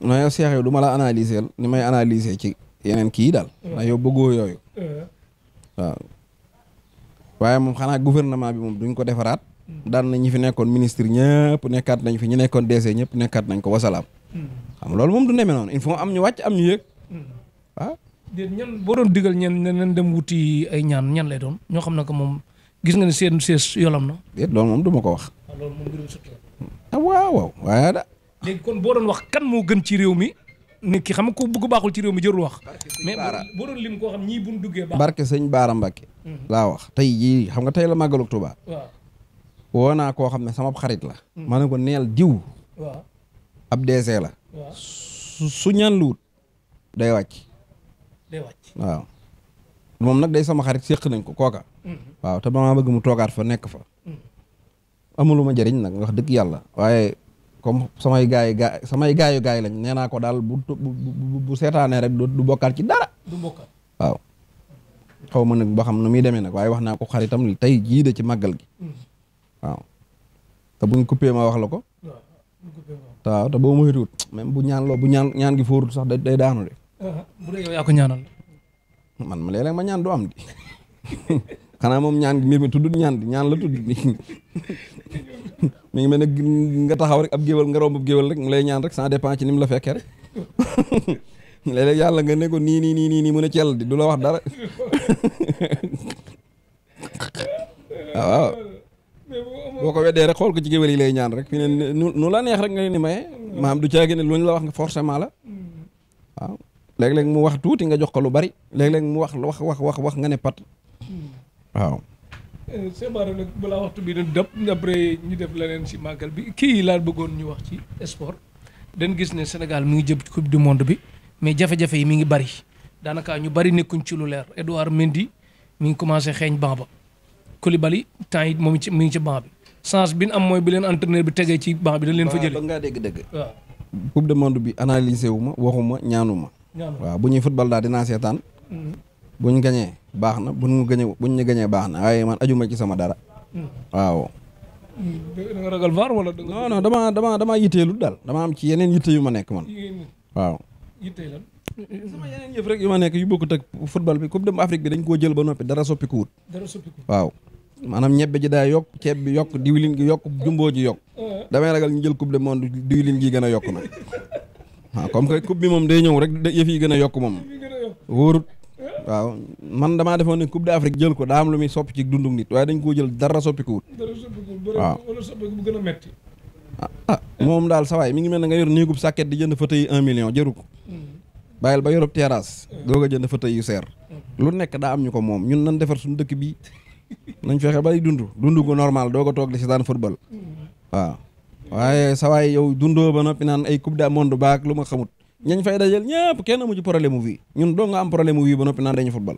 non yow seex yow du ma la analyser ni may analyser ci yeneen kii daal mm-hmm. ndax yow bëggoo yooyu mm-hmm. waaw waaye moom xanaa gouvernement bi moom duñ ko defaraat daan nañ ñi fi nekkoon ministre ñëpp nekkaat nañ fi ñu nekkoon DC ñëpp nekkaat nañ ko wasalaam. Hmm. xam loolu moom du demee noonu il faut am ñu wàcc am ñu yëg. Hmm. ah. boo doon digal ñan ñan dem wuti ay ñaan ñan lay doon ñoo xam ne ko moom gis nga ne seen sees yolam na. déet loolu moom du ma ko wax. Ah, loolu moom mbirum sutura. ah waaw waaw waaye da. kon boo doon wax kan moo gën ci réew mi. nit ki xam nga ku bëgg baaxul ci réew mi jërul wax. mais boo doon lim koo xam ñii bu duggee baax. barke sëñ Baara hmm. laa wax tey jii xam nga tey la màggalu Tuubaa. waaw woo naa koo xam ne sama xarit la. ma ne ko neel diw. waaw ab DC la. waaw su ñaan luut day wàcc. day wàcc waaw. moom nag day sama xarit séq nañ ko kooka. Mm-hmm. waaw te damaa bëgg mu toogaat fa nekk fa. Mm-hmm. amuluma njëriñ nag wax dëgg yàlla waaye comme samay gaayu gaay samay gaayu gaay lañ nee naa ko daal bu seetaanee rek du bokkaat ci dara. du bokkaat waaw. xaw ma nag ba xam nu muy demee nag waaye wax naa ko xaritam tey ji de ci màggal gi. Mm-hmm. waaw te buñ coupé ma wax la ko. waaw te boo moytuwut même bu ñaan loo bu ñaan ñaan gi fóorut sax day daanu de. man ma léeg-léeg ma ñaan du am di xanaa moom ñaan mbir mi tudd ñaan di ñaan la tudd mi ngi mel gi nga taxaw rek ab géwél nga romb ab géwél rek mu lay ñaan rek sans dépend ci ni mu la fekke rek léeg-léeg yàlla nga ne ko nii nii nii nii nii mu ne cell di du la wax dara (laughs) waaw. boo ko weddee rek xool ko ci géwél yi lay ñaan rek fi ne nu la neex rek nga ni maye maam du caagi ne lu ñu la wax nga forcément la waaw léeg-léeg mu wax tuuti nga jox ko lu bari léeg-léeg mu wax wax wax wax wax nga ne pat waaw c'est vrai waxtu bi nag dëpp si màggal bi kii laal bëggoon ñu wax ci sport dañ gis ne Sénégal mi ngi jëm ci coupe du monde bi mais jafe-jafe yi mi ngi bari daanaka ñu bari nekkuñ ci lu leer Edouard Mendy mi ngi commencé xeeñ ban Koulibaly temps yi moom ci mu ngi ci banc bi chance bi am mooy bi leen entraîneur bi tegee ci banc bi da leen fa jëlee ba ngaa dégg-dëgg waaw coupe bi analysé wu ma waxuma ñaanuma waaw bu ñuy football daal dinaa seetaan mm-hmm. bu ñu gañee baax na bu ñu gañee bu ñu gañee baax na waaye man ajuma ci sama dara mm-hmm. waaw mm-hmm. da nga ragal vaar wala non dama dama damaa yitteelu daal dama am ci yeneen yitte yu ma nekk man waaw yitte lan sama yeneen yëf rek yu ma nekk yu bokkut ak football bi coupe dem Afrique bi dañ koo jël ba noppi dara soppiku wut dara waaw maanaam ñebbe ji daa yokk ceeb bi yokk diwlin gi yokk jumbo ji yokk eh. damay ragal ñu jël coupe du monde diwlin gi gën a yokk waaw comme que coupe bi moom day ñëw rek yëf yi gën a yokk moom wóorut eh? waaw man damaa defoon ne coupe d'Afrique jël ko daa am lu muy soppi ci dundum nit waaye dañ koo jël dara soppiku wut waaw a ah, ah, moom daal sawaay mi ngi mel ne nga yor néegub sàkket di jënd fauteuil en million jëru ko bàyyil ba Europe terrasse. doog a jënd fauteuil yu seer. lu nekk daa am ñu ko moom ñun nan defar suñu dëkk bi (laughs) nañ fexe bay dund dund gu normal doog a toog di seetaan football. waaw waaye sa waay yow dundoo ba noppi naan ay coupe du monde baak lu ma xamut. ñañ fay dajal ñëpp kenn amu ci problème mu wii ñun doo nga am problème wii ba noppi naan dañu football.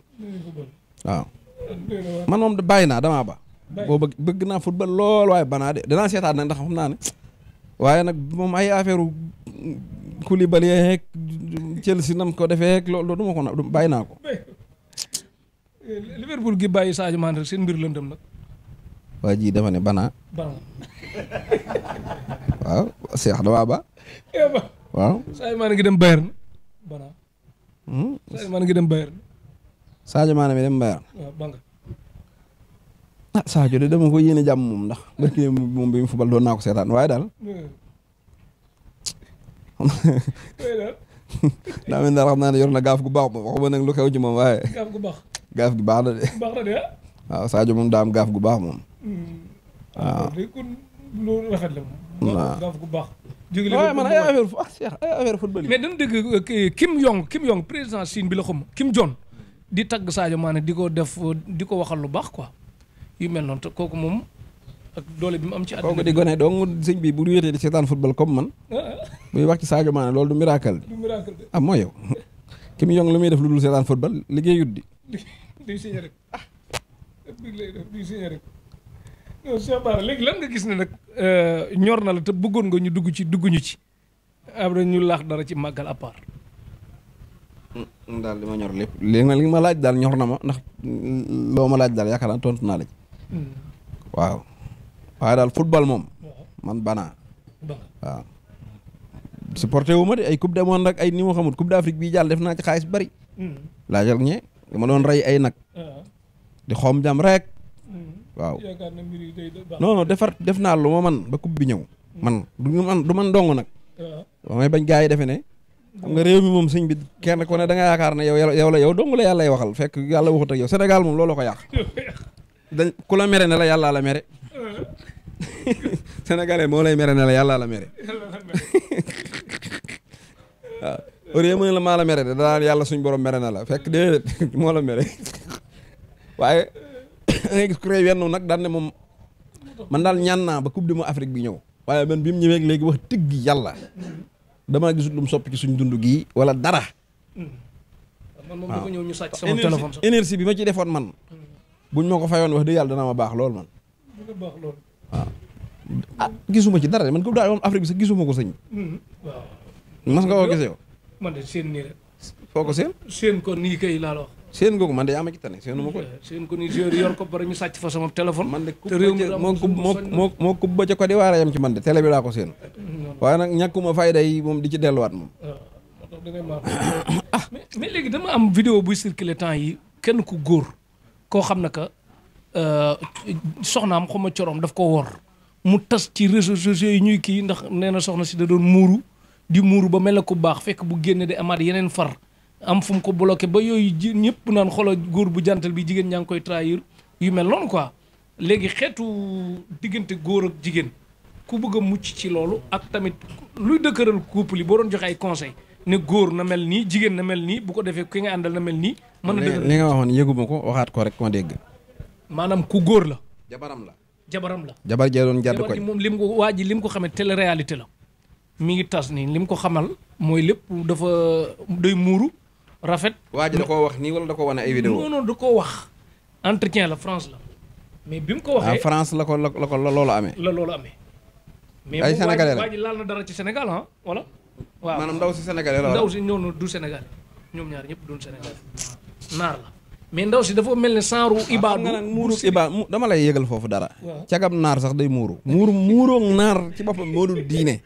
waaw man moom bàyyi naa damaa ba. boo bëgg naa futbal lool waaye banaa de danaa seetaan nag ndax xam naa waaye nag moom ay affaire Koulibaly yeeg Chelsea nam ko defee yeeg loolu du ko na bàyyi naa ko. Eh, Liverpool gi bàyyi saajo Mané rek seen mbir lëndëm ji dafa ne bana. (laughs) Eh, gi dem Bayern. bana. Hmm? Sadio Mané mi dem Bayern. waaw banga. Ah, de dama ko yéene jàmm moom ndax barki moom bi mu fubal doon naa ko seetaan waaye daal. Eh. (laughs) daa mel ne xam naa ne yor na gaaf gu baax moom waxuma nag lu xew ci moom waaye. (laughs) gaaf gu baax. gaaf gi baax na de. baax na de ah. gaaf gu baax moom. Hmm. waaw baax. jógele waaye man ay affaire fu ak ah, Cheikh ay affaire football mais dañu dégg euh, Kim Kim Yong président Chine bi la xam Kim Jong di tagg Sadio Mané di ko def di ko waxal lu baax ko yi mel noonu te kooku moom ak doole bi mu am ci àddina. kooku di gone dong sëñ bi bu wéetee di seetaan football comme man. Ah. buy wax ci Sadio Mané loolu du miracle. du miracle de ah, yow. (laughs) Kim Jong lu muy def lu dul seetaan football liggéeyut di. (laughs) rek ah. léegi lan nga gis ne nag euh, ñor na la te bëggoon nga ñu dugg ci dugg ñu ci. am na ñu laax dara ci màggal à mm, daal li ma ñor lépp léegi nag li ma laaj daal ñor na ma ndax mm, loo ma laaj daal yaakaar naa tontu mm. waaw waaye daal football moom. man banaa waaw. supporté wu ma de ay coupe de monde ay ni ma xamul coupe d'Afrique bii jàll def naa ci xaalis bari hmm. laajal ñee dama doon rey ay nag ah. di xoom jam rek hmm. waaw non defar def naa lu ma man ba coupe bi ñëw hmm. man du man du man dong nag ah. ba may bañ gars yi defe ne xam nga réew mi moom sëñ bi kenn ku ne da yaakaar ne yow yow la yow dong la yàllay waxal fekk yàlla waxut ak yow Sénégal moom looloo ko yàq (laughs) dañ ku la mere ne la yàllaa la mere ah. (laughs) sénégalais lay mere ne la yàllaa la mere (laughs) waaw au lieu mu ne la maa la mere de danaan yàlla suñ borom mere na la fekk déedéet (laughs) moo la mere waaye (coughs) da gis ku rey nag daan ne moom man daal ñaan naa ba coupe du monde Afrique bi ñëw waaye man bi mu ñëwee léegi wax tëgg yàlla damaa gisut lu mu soppi ci suñ gii wala dara. Hmm. man moom dafa ñu sàcc sama téléphone sax bi ma ci defoon man. buñ ma ko fayoon wax dëgg yàlla dana baax lool man. dina ah, ci dara man coupe Afrique bi sax gisuma ko sëñ. Hmm. mas nga koo gis man de seen nii rek. foo ko seen. seen ko nii kay laa wax. seen googu man de yaa ma ci tane seenu ma ko. Eh, seen man de te réew moo moo moo kubba ca ko di waar a yem ci man de télé bi laa ko seen. waaye nag ñàkkuma fayda yi moom di ci delluwaat moom. ah (coughs) mais léegi dama am vidéo buy circuler temps yi kenn ku góor koo xam ne que eh, soxnaam xuma coroom daf ko wor mu tas ci réseaux sociaux yi ñuy kii ndax nee na soxna si da doon muuru di muuru ba mel na ku baax fekk bu génn de amaat yeneen far am fu mu ko bloqué ba yooyu ji ñëpp naan xoolal góor bu jantal bi jigéen ñaa ngi koy trahir yu mel noonu quoi léegi xeetu diggante góor ak jigéen ku bëgg a mucc ci loolu ak tamit luy dëkkëral couple yi boo doon joxe ay conseil ne góor na mel nii jigéen na mel nii bu ko defee ki nga àndal na mel nii. mën na dëgg li nga waxoon yëguma ko waxaat ko rek ma dégg. maanaam ku góor la. jabaram la jabaram la. jabar jee doon jàdd ko moom lim ko waa ji lim ko xamee réalité la. mi ngi tas nii li mu ko xamal mooy lépp dafa day muuru rafet. waa ji da koo wax nii walla da ko wane ay vidéo. non non da koo wax. entretien la France la. mais bi mu ko waxee ah, France la ko la la loolu amee. la loolu amee. mais ay sénégalais la waa dara ci Sénégal wala. Ah, waaw maanaam ndaw si sénégalais la wala ndaw si ñoom du Sénégal ñaar ñëpp duñ Sénégal naar mais ndaw si dafa mel ne saaru ah, ibaadu nga naan muuru ibaadu dama lay yëgal foofu dara. cagam naar sax day muuru. muuru muuroo naar ci boppam moo dul diine. (laughs)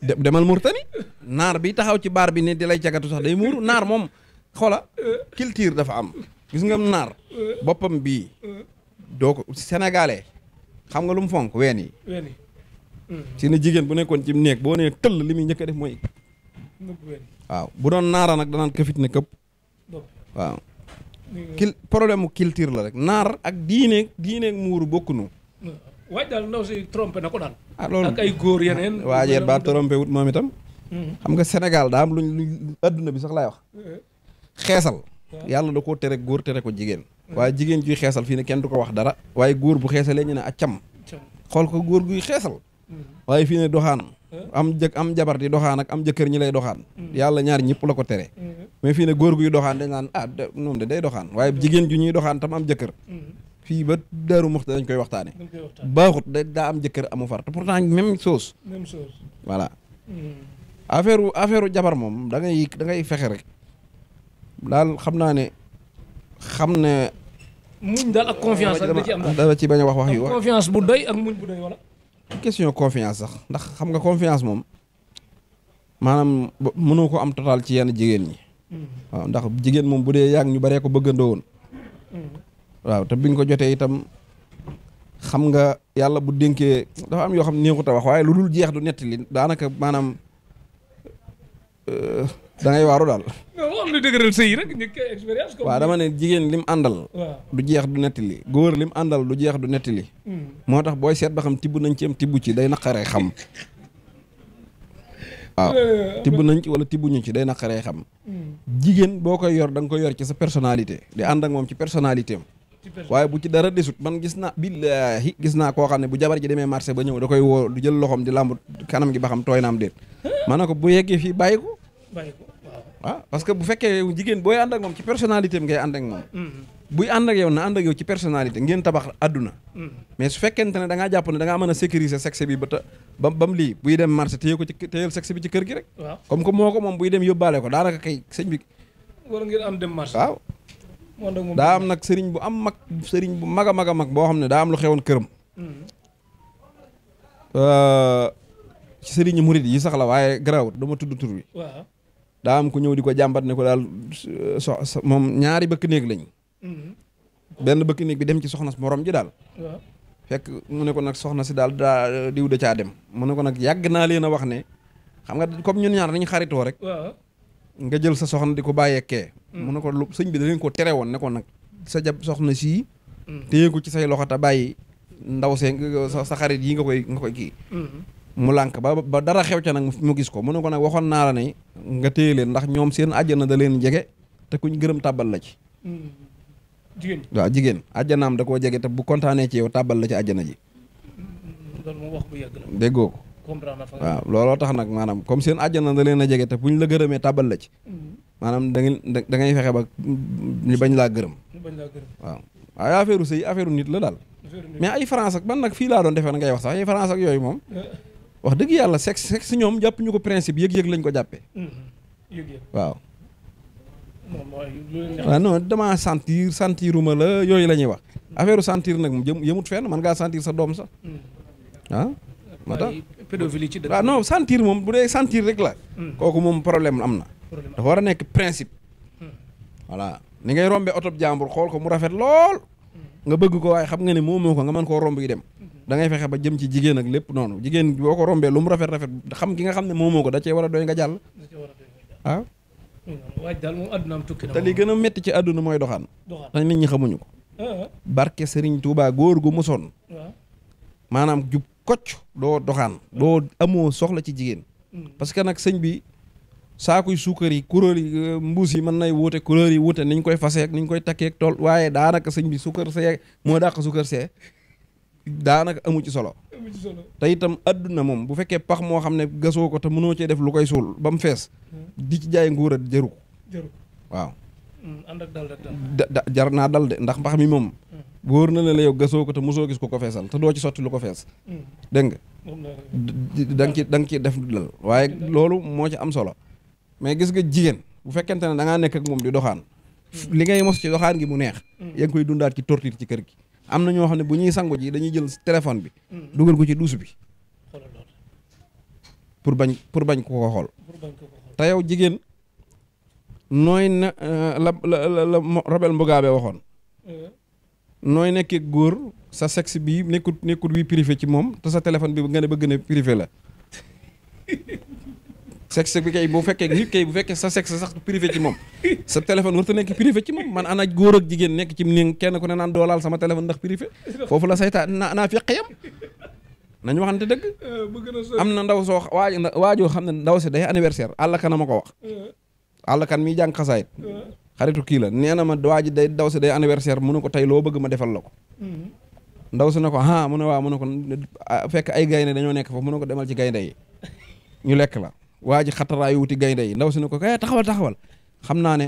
demal Mourtani naar bi taxaw ci baar bi ni di lay cagatu sax day muuru naar moom xola culture dafa am gis nga naar boppam bii doo ko sénégalais xam nga lu mu fonk ween yi si na jigéen bu nekkoon ci néeg boo nee tëll li muy njëkk def mooy waaw bu doon naara nag danaan këfit ne këpp waaw kil mu culture la rek naar ak diine diine muuru bokkunu waaj daal ndaw si trompé na ko daal. ah loolu ay góor yeneen. waa jeer ba trompé wut moom itam. Hmm. xam nga Sénégal daa am luñ luñ adduna bi sax laay wax. Eh. xeesal. yàlla da koo tere góor tere ko jigéen. Eh. waaye jigéen juy xeesal fii ne kenn du ko wax dara. waaye góor bu xeesalee ñu ne accam. xool ko góor guy xeesal. Hmm. waaye fii ne doxaan. Eh. am jëkk am jabar di doxaan ak am jëkkër ñi lay doxaan. Hmm. yàlla ñaar ñëpp la ko tere. mais fii ne góor guy doxaan dañ naan ah day doxaan waaye jigéen ju ñuy doxaan tam am jëkkër. fii ba Daaru Muxti dañ koy waxtaane baaxut da daa am jëkkër amu far te pourtant même chose même chose voilà hmm. affaire affaire jabar moom da ngay da ngay fexe rek daal xam naa ne xam ne muñ daal ak confiance rek da ci am ci bañ a wax wax yu wax confiance bu day ak muñ bu doy wala question confiance sax ndax xam nga confiance moom maanaam mënoo ko am total ci yenn jigéen ñi hmm. ndax jigéen moom bu dee yàgg ñu baree ko bëggandoo woon hmm. waaw te bi nga ko jotee itam xam nga yàlla bu dénkee dafa am yoo xam neexut a wax waaye lu dul jeex du nettali daanaka maanaam euh, da ngay waaru daal. am lu dama ne jigéen lim àndal. du jeex du nettali góor lim àndal du jeex du nettali. Hmm. moo tax booy seet ba xam tibb nañ ci am tibb ci day naqaree xam. (laughs) waaw euh, tibb nañ ci wala tibbuñu ci day naqaree xam. Hmm. jigéen boo koy yor danga koy yor ci sa personnalité. di ànd ak moom ci personnalité am. waaye bu ci dara desut man gis naa billaahi gis naa koo xam ne bu jabar ji de demee marché ba ñëw da koy woo du jël loxoom di làmb kanam gi ba xam tooy na am déet ma ne ko bu yeggee fii bàyyi ah, bu fekkee jigéen booy ànd ak moom ci personnalité am ngay ànd ak moom hmm. buy ànd ak yow na ànd ak yow ci personnalité hmm. ne da jàpp ne da ngaa mën a sécuriser sexe bi ba ta ba bam lii buy dem marché téye ko ci téyel bi ci kër gi rek comme que moo ko moom buy dem yóbbaale ko daanaka kay sëñ bi war ngeen am dem marché daa am nag sëriñ bu am mag sëriñ bu mag a mag a mag boo xam ne daa am lu xewoon këram. Euh, ci sëriñ murid yi sax la waaye garaawut dama tudd tur wi. waaw daa am ku ñëw di ko jàmbat ne ko daal euh, so moom ñaari bëkk néeg lañ. Mm-hmm. benn bëkk néeg bi dem ci soxna si morom ji daal. fekk mu ne ko nag soxna si daal daa diw da caa dem mu ne ko nag yàgg naa leen a wax ne xam nga comme ñun ñaar nañu xaritoo rek. nga jël sa soxna di ko bàyyeekee. Mm. mu ne ko lu sëñ bi da leen ko tere woon ne ko nag sa jab soxna sii. Mm. téye ko ci say loxo te bàyyi ndaw see sa xarit yi nga koy nga koy kii. Mm. mu lànk ba ba dara xew ca nag mu gis ko mu ne ko nag waxoon naa la ne nga téye leen ndax ñoom seen àjjana da leen jege te kuñ gërëm tàbbal la ci. jigéen waaw jigéen àjjanaam da koo jege te bu kontaanee ci yow tàbbal la ci àjjana ji. déggoo waaw looloo tax nag maanaam comme seen àjjana da leen a jege te bu ñu la gërëmee tàbbal la ci mm-hmm. maanaam da ngay da ngay fexe ba ñu bañ laa gërëm waaw waaye affaire sëy affaire nit la daal mais ay France ak nag fii laa doon defee na ngay wax sax ay yooyu moom euh. wax dëgg yàlla sexe sexe ñoom jàpp ñu ko principe yëg-yëg lañ ko jàppee mm-hmm. waaw waaw non dama sentir sentiruma la yooyu la ñuy wax mm-hmm. affaire sentir nag moom jëm yëmut fenn man ngaa sentir sa doom sax ah ma tax pédophilie ci dëkk waaw non sentir moom bu dee sentir rek la. Hmm. kooku moom problème am na. dafa war a nekk principe. Hmm. voilà ni ngay rombee oto jàmbur xool ko mu rafet lool. Hmm. nga bëgg ko waaye xam nga ne moomoo ko nga man koo romb yi dem. dangay fexe ba jëm ci jigéen ak lépp noonu jigéen boo ko rombee lu mu rafet rafet xam ki nga xam ne moomoo ko da cee war a doy nga jàll. waaw. Ah. waaj daal moom àdduna am tukki na te li gën a metti ci àdduna mooy doxaan. doxaan nit ñi xamuñu ko. Ah. barke Serigne tuubaa góor gu mosoon. Ah. maanaam jub kocc doo doxaan doo amoo soxla ci jigéen parce que nag sëñ bi saakuy suukar yi couleur yi euh, mbuus yi mën nay wuute couleur yi wuute niñ koy faseek ak niñ koy takkeek tool waaye daanaka sëñ bi suukar see moo dàq suukar see daanaka amu ci solo te itam adduna moom bu fekkee pax moo xam ne gasoo ko te mënoo cee def lu koy suul ba mu fees di ci jaay nguur a jëru waaw mm, ànd jar naa dal de ndax pax mi moom wóor na ne la yow gasoo ko te mosoo gis ko ko feesal te doo ci sotti lu ko fees mm. dégg nga da nga ci da nga ci def dal waaye mm. loolu moo ci am solo mais gis nga jigéen bu fekkente ne dangaa nekk ak moom di doxaan mm. li ngay mos ci doxaan gi mu neex yaa koy dundaat ci torture ci kër gi am na ñoo xam ne bu ñuy sangu ji dañuy jël téléphone bi dugal ko ci duus bi pour bañ pour bañ ko ko xool te yow jigéen nooy na euh, la la la Robert Mugabe waxoon euh. nooy nekkee góor sa sexe bi nekkut nekkut bi privé ci moom te sa téléphone bi nga ne bëgg na privé la (laughs) sexe bi kay bu fekkee nit kay bu fekkee sa sexe sax privé ci moom sa téléphone warut a nekk privé ci moom man ana góor ak jigéen nekk ci ni kenn ku ne naan doolaal sama téléphone ndax privé foofu la seytaan naa naa feqe yam nañu waxante dëgg. am na ndaw soo waaj waajoo xam ne ndaw si day anniversaire àll kan a ko wax. àll kan miy jàng xasaayit xaritu kii la nee na ma waaj ji day daw si day anniversaire mu ne ko tey loo bëgg ma defal la mm-hmm. ndaw si ne ko ah mu ne waa mu ne ko ah, fekk ay gaynde dañoo nekk foofu mu ne ko demal ci gaynde yi ñu lekk la waa ji xataraayu wuti gaynde yi ndaw si ko kay eh, taxawal taxawal xam naa ne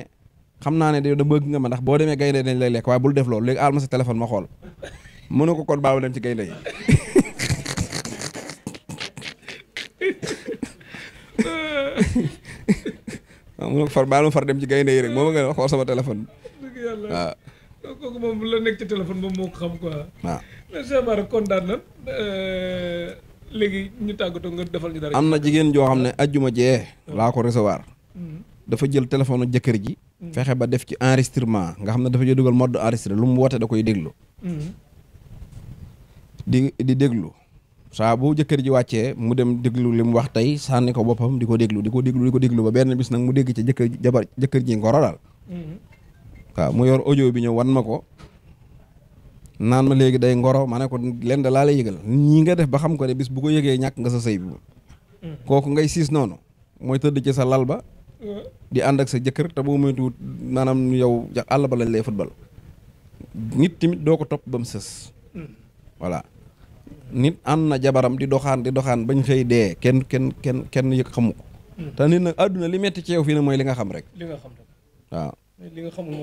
xam naa ne da bëgg nga ma boo demee gaynde dañ lay lekk waaye bul def loolu léegi aal mu ne ko kon baal dem ci gaynde yi (laughs) Ah, mu ne far baal ma far dem ci gaynde yi rek a xool sama téléphone dëgg yàlla waaw ah. kooku moom téléphone moom moo ko xam ah. euh, ñu tàggatoo nga defal am na jigéen joo xam ne ajjuma jee laa ko recevoir hmm. dafa jël téléphone jëkkër ji hmm. fexe ba def ci enregistrement nga xam ne dafa jo dugal mode lu mu woote da koy déglu hmm. di di déglu saa boo jëkkër ji wàccee mu dem déglu li mu wax tey sànni ko boppam di ko déglu di ko déglu di ko déglu ba benn bis nag mu dégg ci jëkkër jabar jëkkër ji ngoro daal mm-hmm. waaw mu yor audio bi ñëw wan ma ko naan ma léegi day ngoro ma ne ko leen da laa lay ñii nga def ba xam ko ne bis bu ko yëgee ñàkk nga sa sëy bi mm-hmm. kooku ngay siis noonu mooy tëdd ci sa lal ba mm-hmm. di ànd ak sa jëkkër te boo moytuwut maanaam yow àll ba lañ lay football nit tamit doo ko topp ba mu sës voilà nit ànd na jabaram di doxaan di doxaan bañ fay dee kenn kenn kenn kenn yëg xamu ko. Hmm. te nit nag àdduna li metti ci fii ne mooy li nga xam rek. li nga xam waaw. li nga xamul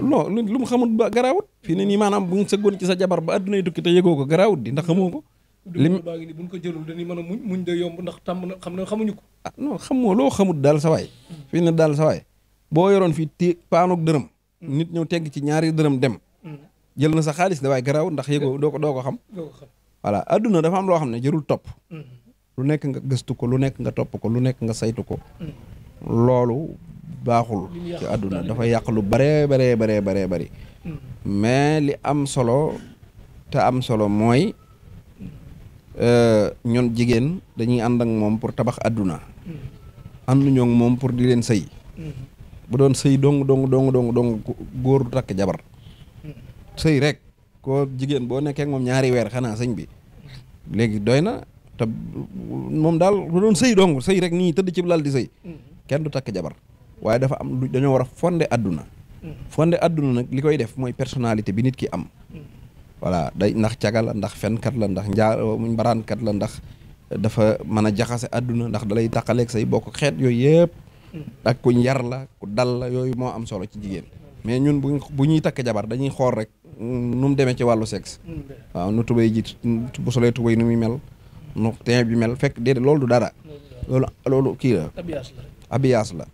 moom lu mu xamul ba garaawut. fii ne nii maanaam bu ñu ci sa jabar ba àdduna yi tukki te ko garaawut di ndax xamoo ko. lim bu ñu ko jëlul dañuy mën a muñ muñ de yomb ndax tàmm na xam na xamuñu ko. ah non loo xamut daal sa waay. Hmm. daal sa boo yoroon fii té paanoog dërëm. Hmm. nit ñëw tegg ci ñaari dërëm dem. jël na sa xaalis da waaye garaawut ndax yëgoo eh. doo ko doo ko xam. voilà adduna dafa am loo xam ne jarul topp. Mm-hmm. lu nekk nga gëstu ko lu nekk nga topp ko lu nekk nga saytu ko. Mm-hmm. loolu baaxul. ci àdduna dafa yàq lu bëree bëree bëree bëree bëri. Mm-hmm. mais li am solo te am solo mooy euh, ñun jigéen dañuy ànd ak moom pour tabax àdduna. ànduñoo ak moom pour di leen sëy. bu doon sëy dong dong dong dong dong góor du takk jabar. sëy rek ko jigéen boo nekkee moom ñaari weer xanaa sëñ bi. léegi doy na te moom daal lu doon sëy dong sëy rek nii tëdd ci lal di sëy mm-hmm. kenn du takk jabar waaye dafa am lu dañoo war fonde àdduna mm-hmm. fonde àdduna nag li koy def mooy personnalité bi nit ki am mm-hmm. voilà day ndax caga la ndax fenkat la ndax njaa mbaraankat la ndax dafa mën a jaxase àdduna ndax dalay taqaleeg say bokk xeet yooyu yëpp ak kuñ yar la ku dal yooyu moo am solo ci jigéen mais ñun bu bu ñuy takkee jabar dañuy xool rek nu mu demee ci wàllu sex waaw nu tubay ji bu solee tubay nu muy mel. nu teint bi mel fekk déedéet loolu du dara. loolu kii la. abiyaas la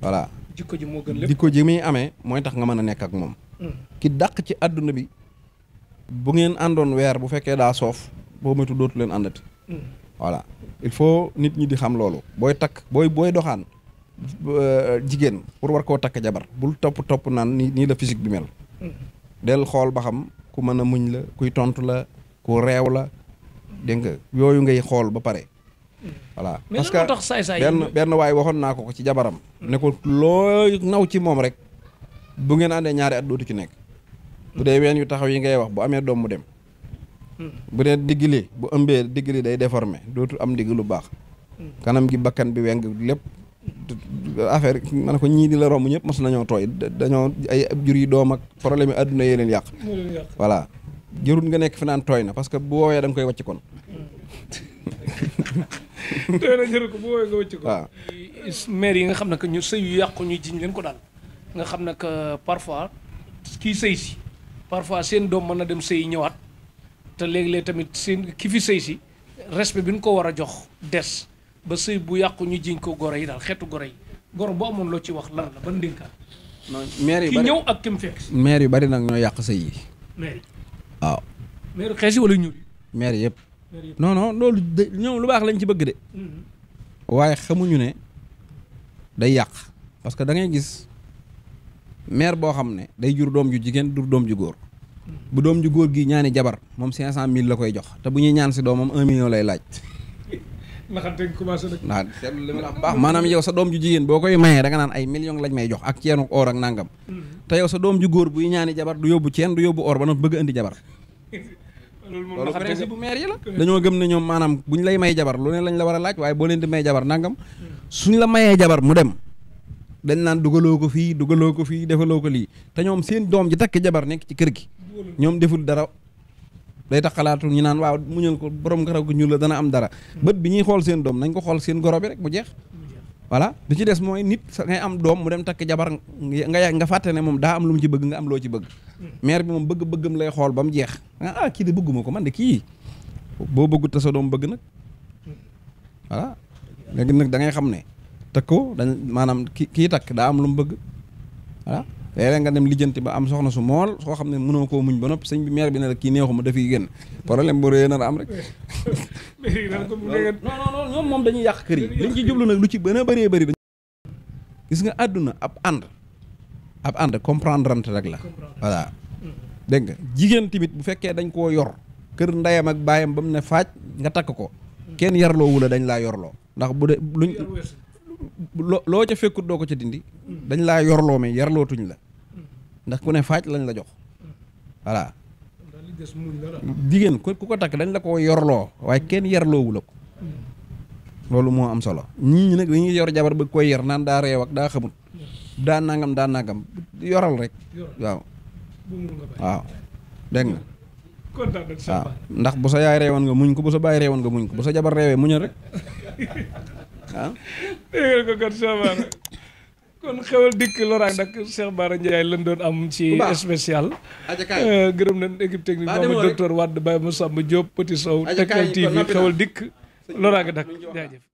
voilà. jikko ji moo gën lépp muy amee mooy tax nga mën a nekk ak moom. Hmm. ki daq ci àdduna bi bu ngeen àndoon weer bu fekkee daa soof boo métu dootu leen àndati. Hmm. voilà il faut nit ñi di xam loolu booy takk booy booy doxaan. Euh, jigéen pour war koo takk jabar bul topp topp naan ni nii la physique bi mel del xool ba xam ku mën a muñ la kuy tontu la ku reew la dégg nga yooyu ngay xool ba pare voilà parce que benn benn waay waxoon naa ko ko ci jabaram ne ko looy naw ci moom rek bu ngeen àndee ñaari at dootu ci nekk bu dee ween yu taxaw yi ngay wax bu amee doom mu dem hmm. bu dee digg li bu ëmbee digg li day déformé dootu am digg lu baax hmm. kanam gi bakkan bi weng lépp affaire man ko ñii di la romb ñëpp mos nañoo tooy dañoo ay jur yi doom ak problème àdduna yee leen yàq. voilà jërul nga nekk fi tooy na parce que bu woowee da nga koy wàcc kon. (laughs) tooy na nga maire yi nga xam ne que ñu sëy yu yàqu ñu jiñ leen ko daal nga xam ne que parfois kii sëy si parfois seen doom mën na dem sëy ñëwaat te léegi léeg tamit seen ki fi sëy si respect bi nu ko war a jox des. ba sëy bu yàqu ñu jiñ ko goro yi daal xeetu goro yi goro bu amoon loo ci wax lan la ba ndénkaan. maire yu bari ki ñëw ak ki mu fekk. maire yu bari nag ñoo yàq sëy yi. maire yi waaw. maire yëpp. non non loolu de lu baax lañ ci bëgg de. Mm-hmm. waaye xamuñu ne day yàq parce que da ngay gis maire boo xam ne day jur doom ju jigéen dur doom ju góor. Mm-hmm. bu doom ju góor gi ñaani jabar moom 500000 la koy jox te bu ñuy ñaan si doomam 1 million lay laaj. laxante commencé nag waaw seetlu li ma la wax baax sa doom ju jigéen boo koy mayee da nga naan ay millions lañ may jox ak ceenu or ak nangam mm-hmm. te yow sa doom ju góor buy ñaani jabar du yóbbu ceen du yóbbu or ba noppi bëgg indi jabar (laughs) loolu principe bu maire yi dañoo gëm ne ñoom maanaam buñ lay may jabar loole lañ la war laaj waaye boo leen di may jabar nangam mm-hmm. suñ la mayee jabar mu dem dañ naan dugaloo ko fii dugaloo ko fii defaloo ko lii te ñoom seen doom ji takk jabar nekk ci kër gi ñoom deful dara day tax xalaatu ñu naan waaw mu muñal ko borom garab gu ñuul la dana am dara bët bi ñuy xool seen doom nañ ko xool seen goro bi rek mu jeex voilà li ci des mooy nit ngay am doom mu dem takk jabar nga nga fàtte ne moom daa am lu mu ci bëgg nga am ci bëgg maire bi moom bëgg-bëggam lay xool ba jeex ah kii de bëgguma ko man de kii boo bëggu ta sa doom bëgg nag voilà léegi nag da ngay xam ne takko dañ maanaam ki kii takk daa am lu bëgg voilà léeg-léeg nga dem lijjanti ba am soxna su mool soo xam ne mënoo koo muñ ba noppi sëñ bi maire bi ne la kii neexuma dafiy génn problème bu rëy nar a am rek (laughs) ñoom moom dañuy yàq kër yi liñ ci jublu nag lu ci gën a bëree bëri gis nga àdduna ab ànd ab ànd comprendre rante rek la voilà dégg nga jigéen tamit bu fekkee dañ koo yor kër ndeyam ak baayam ba mu ne faaj nga takk ko kenn yarloo wu la dañ laa yorloo ndax bu de luñ loo ca fekkut doo ko ca dindi dañ laa yorloo mais yarlootuñ la ndax ku ne faaj lañ la jox voilà jigéen ku ko takk dañ la ko yorloo waaye kenn yarloowu la ko loolu moo am solo ñii nag dañuy yor jabar ba koy yar naan daa reew ak daa xamut daa nangam daa nangam yoral rek waaw waaw dégg nga waaw ndax bu sa yaay reewoon nga muñ ko bu sa baay reewoon nga muñ ko bu sa jabar reewee muñal rek waaw ah? dégg ko kon Cheikh Bara kon xewal dikk loraak nag Cheikh Bara Ndiaye lañ doon am ci spécial euh, gërëm nañ équipe technique moom docteur Wade Baye Moussa Diop Petit Sow Tektal TV xewal dikk loraak nag jaajëf